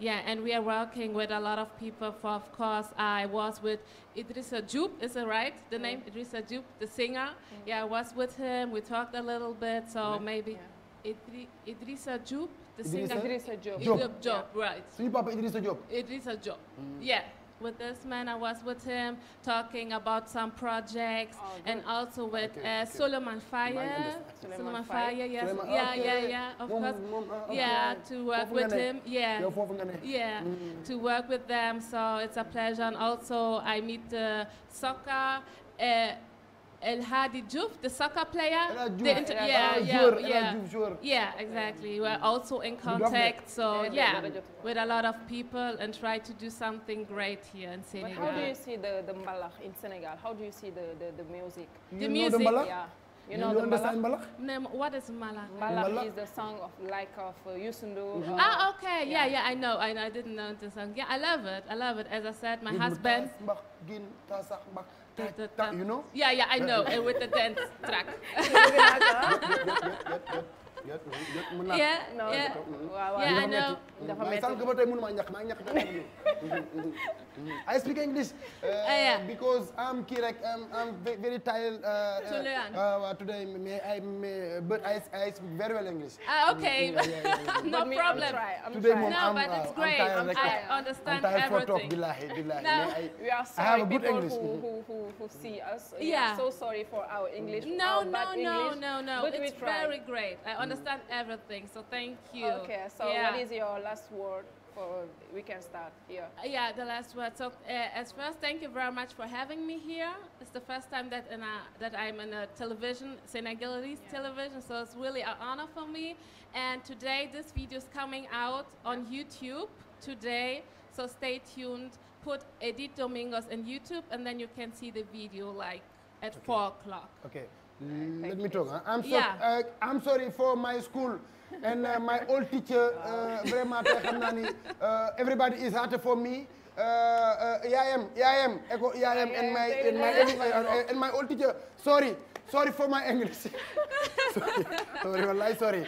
Yeah, and we are working with a lot of people. For, of course, I was with Idrissa Joop, is it right? The yeah. name Idrissa Joop, the singer. Yeah. yeah. I was with him. We talked a little bit, so yeah. maybe Idri Idrissa Joop, the Idrissa? singer. Idrissa Joop. Joop, Joop right. So your papa Idrissa Joop? Idrissa Joop, mm. yeah. with this man. I was with him talking about some projects oh, and also with okay, uh, okay. Solomon Fire. Solomon Fire, yes. Suleiman, yeah, okay. yeah, yeah, of course. Uh, yeah, to work with him. Yeah. Yeah, mm. to work with them. So it's a pleasure. And also, I meet uh, soccer. Uh, El Hadi Diouf, the soccer player. Diouf, the inter- yeah, yeah, yeah, yeah. yeah, exactly. We're also in contact, so yeah, with a lot of people and try to do something great here in Senegal. But how do you see the, the mbalakh in Senegal? How do you see the, the, the music? You the music, the yeah. You, you know, know the understand Malak? No, what is Malak? Malak is the song of like of uh, Yusundu. Mm -hmm. Ah, okay. Yeah. yeah, yeah, I know. I know. I didn't know the song. Yeah, I love it. I love it. As I said, my husband. you know? Yeah, yeah, I know. and with the dance track. yep, yep, yep, ya ya ya ana dafa métti sànq ba tey mënu maa ñàkk maa ngi ñàkk I speak English. Ah, uh, because I'm Kirek, I'm, I'm very tired. Uh uh, uh, uh, today, may I, may, but I, I speak very well English. Ah, okay, yeah, yeah, yeah, no but problem. Me, I'm today, mom, no, I'm, but uh, it's great. I'm tired, like, I understand I'm tired everything. For talk. Billahi, No. I, we are sorry I have a good English. Who, who, who, who see us. Yeah. so sorry for our English. No, our no, no, no, no, no. It's very great. I understand. understand everything. So thank you. Okay. So yeah. what is your last word for we can start here? yeah, the last word. So uh, as first, thank you very much for having me here. It's the first time that in a, that I'm in a television, Senegalese yeah. television. So it's really an honor for me. And today, this video is coming out on YouTube today. So stay tuned. Put Edith Domingos in YouTube, and then you can see the video like at okay. four o'clock. Okay. Mm, let me talk. I'm sorry. Yeah. Uh, I'm sorry for my school and uh, my old teacher. Uh, vraiment tey xam naa ni uh, everybody is hard for me. yaayam yaayam eco yaayam and my old teacher. Sorry, sorry for my English. sorry wallahi sorry.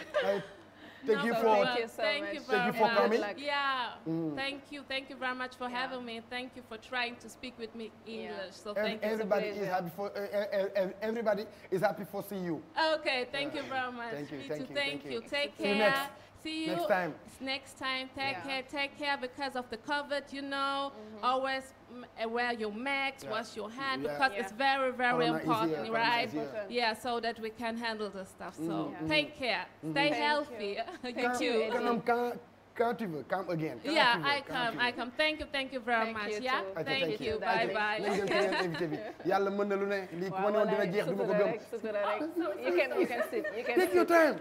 Thank no, you for thank you, so thank much. you, thank you for much. coming. Yeah. Mm. Thank you. Thank you very much for yeah. having me. Thank you for trying to speak with me English. Yeah. So thank everybody you. Everybody is happy for uh, uh, everybody is happy for seeing you. Okay. Thank yeah. you very much. Thank you. Thank you. Thank you. Thank you. Take care. See you next time. Next time. Take yeah. care. Take care because of the COVID, you know. Mm -hmm. Always eh, wear your mask, yeah. wash your hand yeah. because it's very, very Corona important, easier. right? Important. Yeah, so that we can handle the stuff. So mm -hmm. take care. Mm-hmm. Stay Thank healthy. You. Thank you. Quand tu veux, come again. Quand yeah, tu veux, I come, I come. Thank you, thank you very thank much. You yeah, okay, thank, thank you. you. Bye okay. bye. nañu jël keneen invité bi yàlla mën na lu ne lii ku ma ne woon dina jeex du ma ko gëm. Ah, you can, you can sit. You can take sit. your time.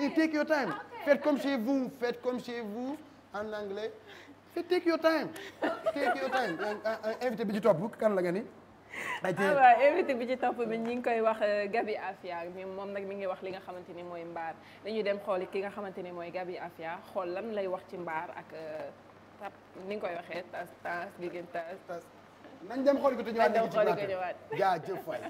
You take your time. Okay. Faites comme chez vous. Faites comme chez vous en anglais. Faites take your time. Take your time. Euh, euh, euh, invité bi ci topp kan la nga ni. waaw ah invité bi ci topp bi ñi ngi koy wax euh, Gabi Afia moom nag mi ngi wax li nga xamante ni mooy mbaar dañuy dem xooli ki nga xamante ni mooy Gabi Afia xool lan lay wax ci mbaar ak euh, tap ni nga koy waxee tas tas diggante tas tas nañ dem xooli ko te ñëwaat nañ dem xooli ko ñëwaat jaajëf waay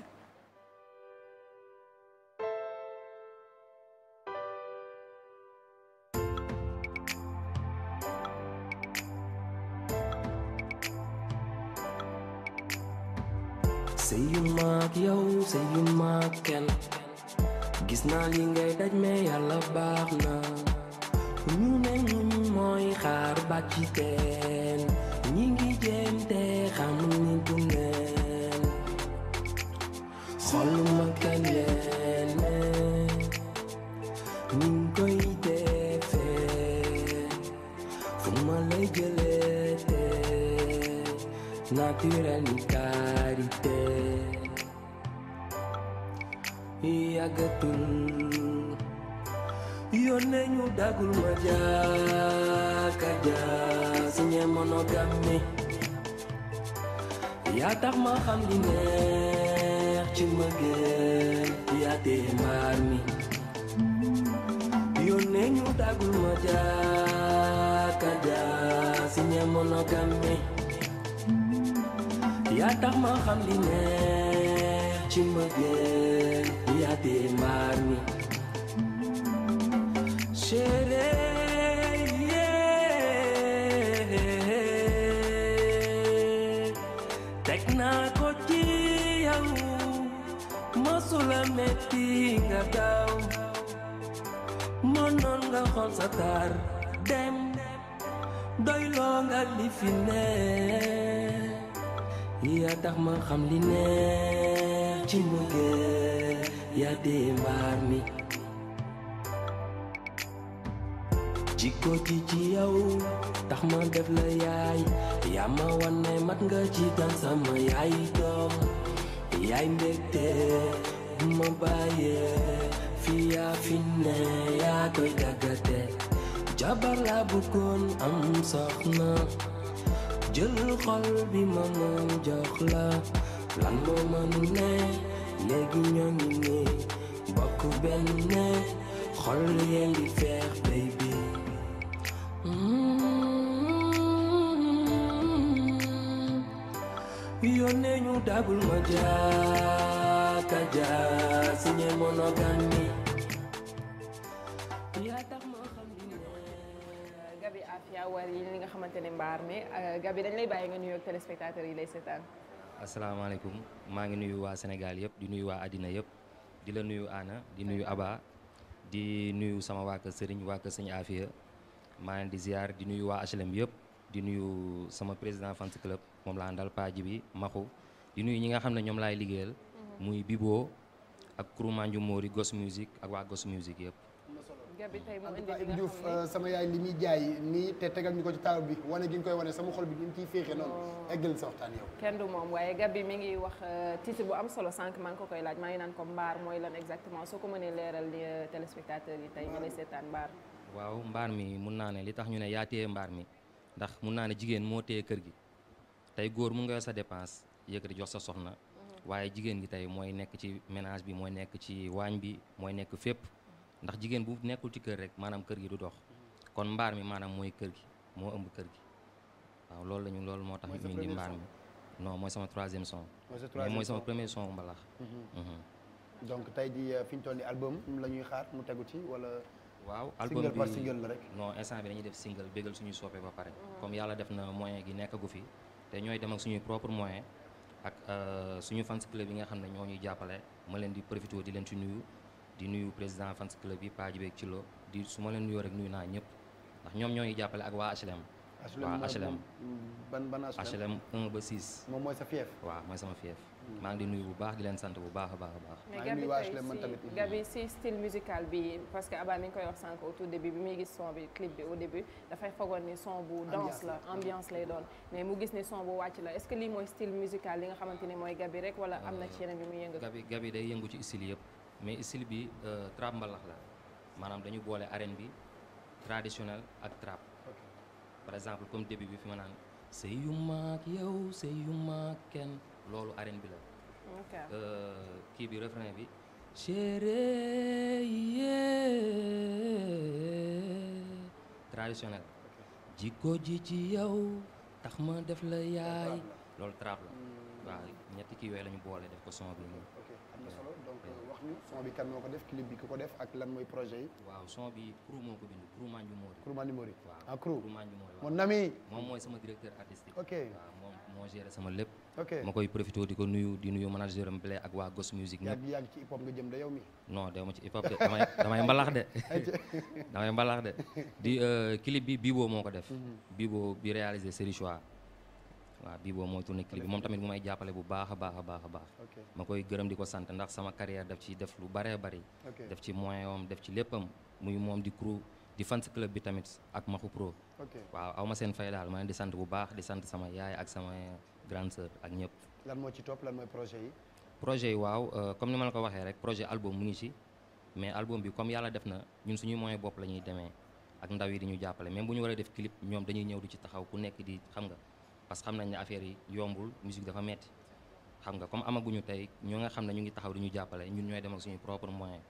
sëyu maag yow sëyu gis naa li ngay daj mais yàlla baax na ñu ne ñun mooy xaar bàcc teen ñi ngi jéem te xam ni du neen xooluma kenn leneen ñu ngi koy defee fu ma lay jëlee te naturel ni yàggatul yónnee ñu dagul ma jaaka jaa signé monogamie yaa tax ma xam li neex ci mbëggeel yaa téye mbaar mi yónnee ñu dagul ma jaaka jaa signé monogamie yaa tax ma xam li neex Lasciami bien, ya te marni. Seré. teg naa ko ci yow masula metti nga daw mënoon nga xool sa taar dem doyloo nga li fi yaa tax ma xam li ci mbëggeel yaa dee mbaar mi jikko ji ci yow tax ma def la yaay yaa ma wan mat nga ci daan sama yaay doom yaay mbégte bu ma bàyyee fi yaa fi ne yaa koy daggate jabar laa bëggoon am soxna jël xol bi ma moom jox la lan moo mënu ne léegi ñoo ngi ne bokk benn ne xol yaa ngi feex baby mm-hmm. yónnee ñu dagul ma jaaka jaa signé monogamie Gaby Afia war yi li nga xamante ne mbaar mi Gaby dañ lay bàyyi nga nuyoog téléspectateurs yi lay seetaan asalaamaaleykum maa ngi nuyu waa Sénégal yëpp di nuyu waa àddina yëpp di la nuyu Anna di nuyu Aba di nuyu sama waa kër Serigne sëñ kër Serigne maa ngi di ziar di nuyu waa HLM yëpp di nuyu sama président fans club moom laa àndal paaji bi maxu di nuyu ñi nga xam ne ñoom laay liggéeyal mhm. muy Bibo ak Kouroumandiou Mori Gos Music ak waa Gos Music yëpp. Gabi tey moo indi Ibou Diouf euh, jaay nii te tegal ñu ko ci taaw bi wane gi ñu koy wane sama xol bi ñu ciy féexe noonu oh. eggal sa waxtaan yow kenn du moom waaye Gabi mi ngi wax euh, titre bu am solo sànq maa ngi ko koy laaj maa ngi naan ko mbaar mooy lan exactement soo ko mënee leeral li euh, téléspectateurs yi tey ñu lay seetaan mbaar mbaar mi mun naa ne li tax ñu ne yaa téye mbaar mi ndax mun naa ne jigéen moo téye kër gi tey góor mu nga sa dépense yëkkati jox sa soxna mm-hmm. waaye jigéen gi tey mooy nekk ci ménage bi mooy nekk ci waañ bi mooy nekk fépp ndax jigéen bu nekkul ci kër rek maanaam kër gi du dox kon mbaar mi maanaam mooy kër gi moo ëmb kër gi waaw loolu la ñu loolu moo tax ñu indi mbaar mi non mooy sama troisième son mais mooy sama premier son mbalax mm-hmm. Mm-hmm. donc tey jii euh, fi ñu toll nii album la ñuy xaar mu tegu ci wala waaw album bi single single rek non instant bi dañuy def single bégal suñu soppe ba pare mm-hmm. comme yàlla def na moyen gi nekkagu fi te ñooy dem ak suñuy propre moyen ak euh, suñu fans club yi nga xam ne ñoo ñuy jàppale ma leen di profité di leen ci nuyu di nuyu président fans club yi Paa Jibek ci lo di su ma leen nuyoo rek nuyu naa ñëpp ndax ñoom ñoo ngi jàppale ak waa HLM. waa HLM ban ban HLM 1 ba 6. moom mooy sa fief. Hmm. maa ngi di nuyu bu baax di leen sant bu baax a baax a baax. maa ngi nuyu waa HLM man tamit Gabi si style musical bi parce que Aba mi ngi koy wax sànq au muy gis son bi clip bi au début dafay fogoon ni son bu danse la ambiance lay doon mais mu gis ni son bu wàcc la est que lii mooy style musical li na euh, ci bi muy yëngatu. ci style yëpp. mais style bi euh, trap mbalax la maanaam dañu boole arène bi traditionnel ak trap par exemple comme début bi fi ma naan sëy yu maak yow sëy kenn loolu arène bi la euh, kii bi refrain bi chérie yee traditionnel jikko ji ci yow tax ma def la yaay loolu trap la hmm. waaw ñetti kii yooyu la ñu boole def ko son bi nii wax ñu son bi kan moo ko def clip bi ki ko def ak lan mooy projet yi. waaw son bi Krou moo ko bind Krou Mandioumori. Krou Mandioumori waaw ah Krou. Krou Mandioumori waaw mon ami. moom mooy sama directeur artistique. ok waaw moom moo géré sama lépp. ok ma koy profité di ko nuyu di nuyu manager am Blé ak waa Gos Music. ñëpp yàgg yàgg ci hip hop nga jëm de yow mi non de ma ci hip hop de damay damay mbalax de damay mbalax de di euh, clip bi Bibo moo ko def. Mhm. Bibo bi réalisé Serigne Choix. waaw bii boobu mooy tourné clip bi moom tamit mu may jàppale bu baax a baax a baax a baax ma koy gërëm di ko sant ndax sama carrière daf ci def lu bëree bëri def ci moyen am def ci léppam muy moom di crew di fans bi tamit ak Maxu Pro waaw aw ma seen fay daal ma di sant bu baax di sant sama yaay ak sama grande sœur ak ñëpp lan moo ci topp lan mooy projet yi projet yi waaw euh, comme ni ma la ko waxee rek projet album mu ngi ci mais album bi comme yàlla def na ñun suñu moyen bopp lañuy demee ak ndaw yi di ñu jàppale même bu ñu waree def clip ñoom dañuy ñëw di ci taxaw ku nekk di xam nga parce que xam nañ ne affaire yi yombul musique dafa metti xam nga comme amaguñu tey ñoo nga xam ne ñu ngi taxaw di ñu jàppale ñun ñooy dem suñu propre moyen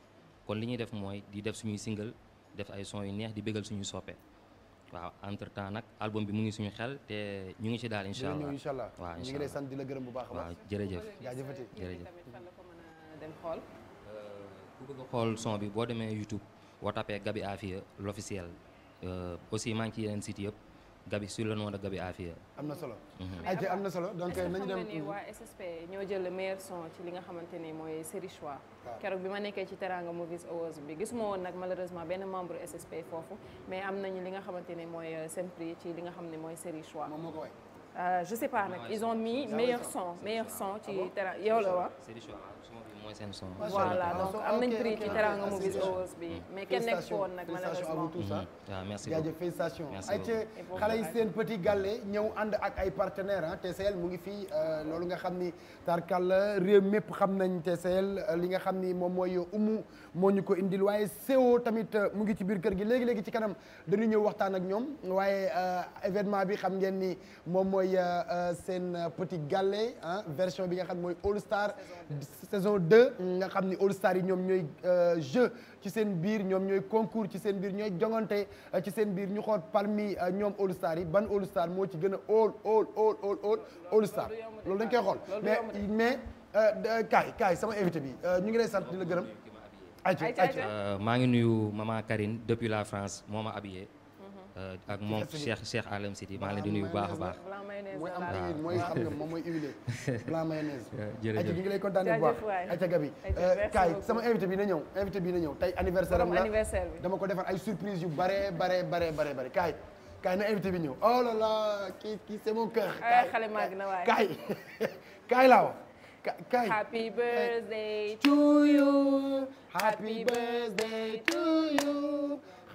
kon li ñuy def mooy di def suñuy single def ay son yu neex di bégal suñu soppe waaw entre temps nag album bi mu ngi suñu xel te ñu ngi ci daal incha allah incha allah waaw ñu ngi di la gërëm bu baax a baax waaw jërëjëf jaajëfati jërëjëf dem euh, xool son bi boo demee YouTube boo gabi Gaby Afia l'officiel euh, aussi maa ngi ci yeneen site yëpp Gabi sur le nom de Gabi Afia. am na solo. Mhm. ayca am na solo donc ñoo jël meilleur son ci li nga xamante ni mooy série choix. keroog bi ma nekkee ci Teranga Movies Awards bi gisuma woon nag malheureusement benn membre SSP foofu mais am nañu li nga xamante ni mooy euh, seen ci li nga xam ne mooy série choix. Euh, je sais pas nag ah, ils ont mis meilleur ah son meilleur son ci ah Teranga yow la waa. mooy seen son. voilà donc am nañ prix ci Teranga Movies Awards bi. Mm. mais kenn nekk foon nag malheureusement tout mm. seen petit galle ñëw ànd ak ay partenaires ah TCL mu ngi fii euh, loolu nga xam ni tarkal réew mépp xam nañ TCL euh, li nga xam ni moom mooy umu moo ñu ko indil waaye CO e tamit euh, mu ngi ci biir kër gi léegi léegi ci kanam dañu ñëw waxtaan ak ñoom waaye événement bi xam ngeen ni moom mooy seen petit galle ah version bi nga xam mooy All Star saison jeu nga xam ni all star yi ñoom ñooy euh, jeu ci seen biir ñoom ñooy concours ci seen biir ñooy jongante euh, ci seen biir ñu xool parmi euh, ñoom all star yi ban all star moo ci gën a all all all all all all star loolu dañ koy xool mais mais kaay kaay sama invité bi ñu ngi lay sant di la gërëm. maa ngi nuyu maman Karine depuis la France moom ma habillé Euh, ak moom Cheikh Cheikh Alem Sidi maa ngi a baax. mooy am na mooy xam nga moom sama invité bi na ñëw invité bi na ñëw tey anniversaire am la dama ko defar ay surprise yu bare bare bare bare bare Kaay Kaay na invité bi ñëw oh là ki kii kii c'est mon cœur. xale màgg na waay Kaay Kaay laa wax. Kaay happy birthday to you happy birthday to you.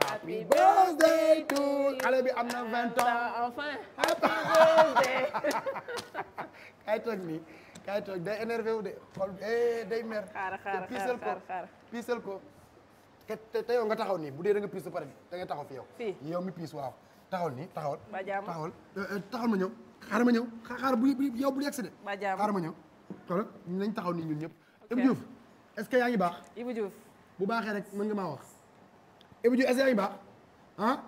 happy birthday to xale bi am na vingt ans enfin happy birthday kay toog nii kay toog day énervé wu de xol eh, day mer piisal ko piisal ko te yow nga taxaw nii bu dee da nga piis pare da nga taxaw fi yow yow mi piis waaw taxawal nii taxawal taxawal eh, eh, taxawal ma ñëw xaaral ma ñëw xaaral bu yow bu yegsi de xaaral ma ñëw xoolal nañ taxaw nii ñun ñëpp Ibou Diouf est-ce que yaa baax Ibou Diouf bu baaxee rek mën nga maa wax Ibou Diouf est-ce ba ah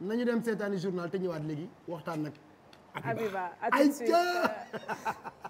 nañu dem seetaani journal te ñëwaat léegi waxtaan nag. Abiba ay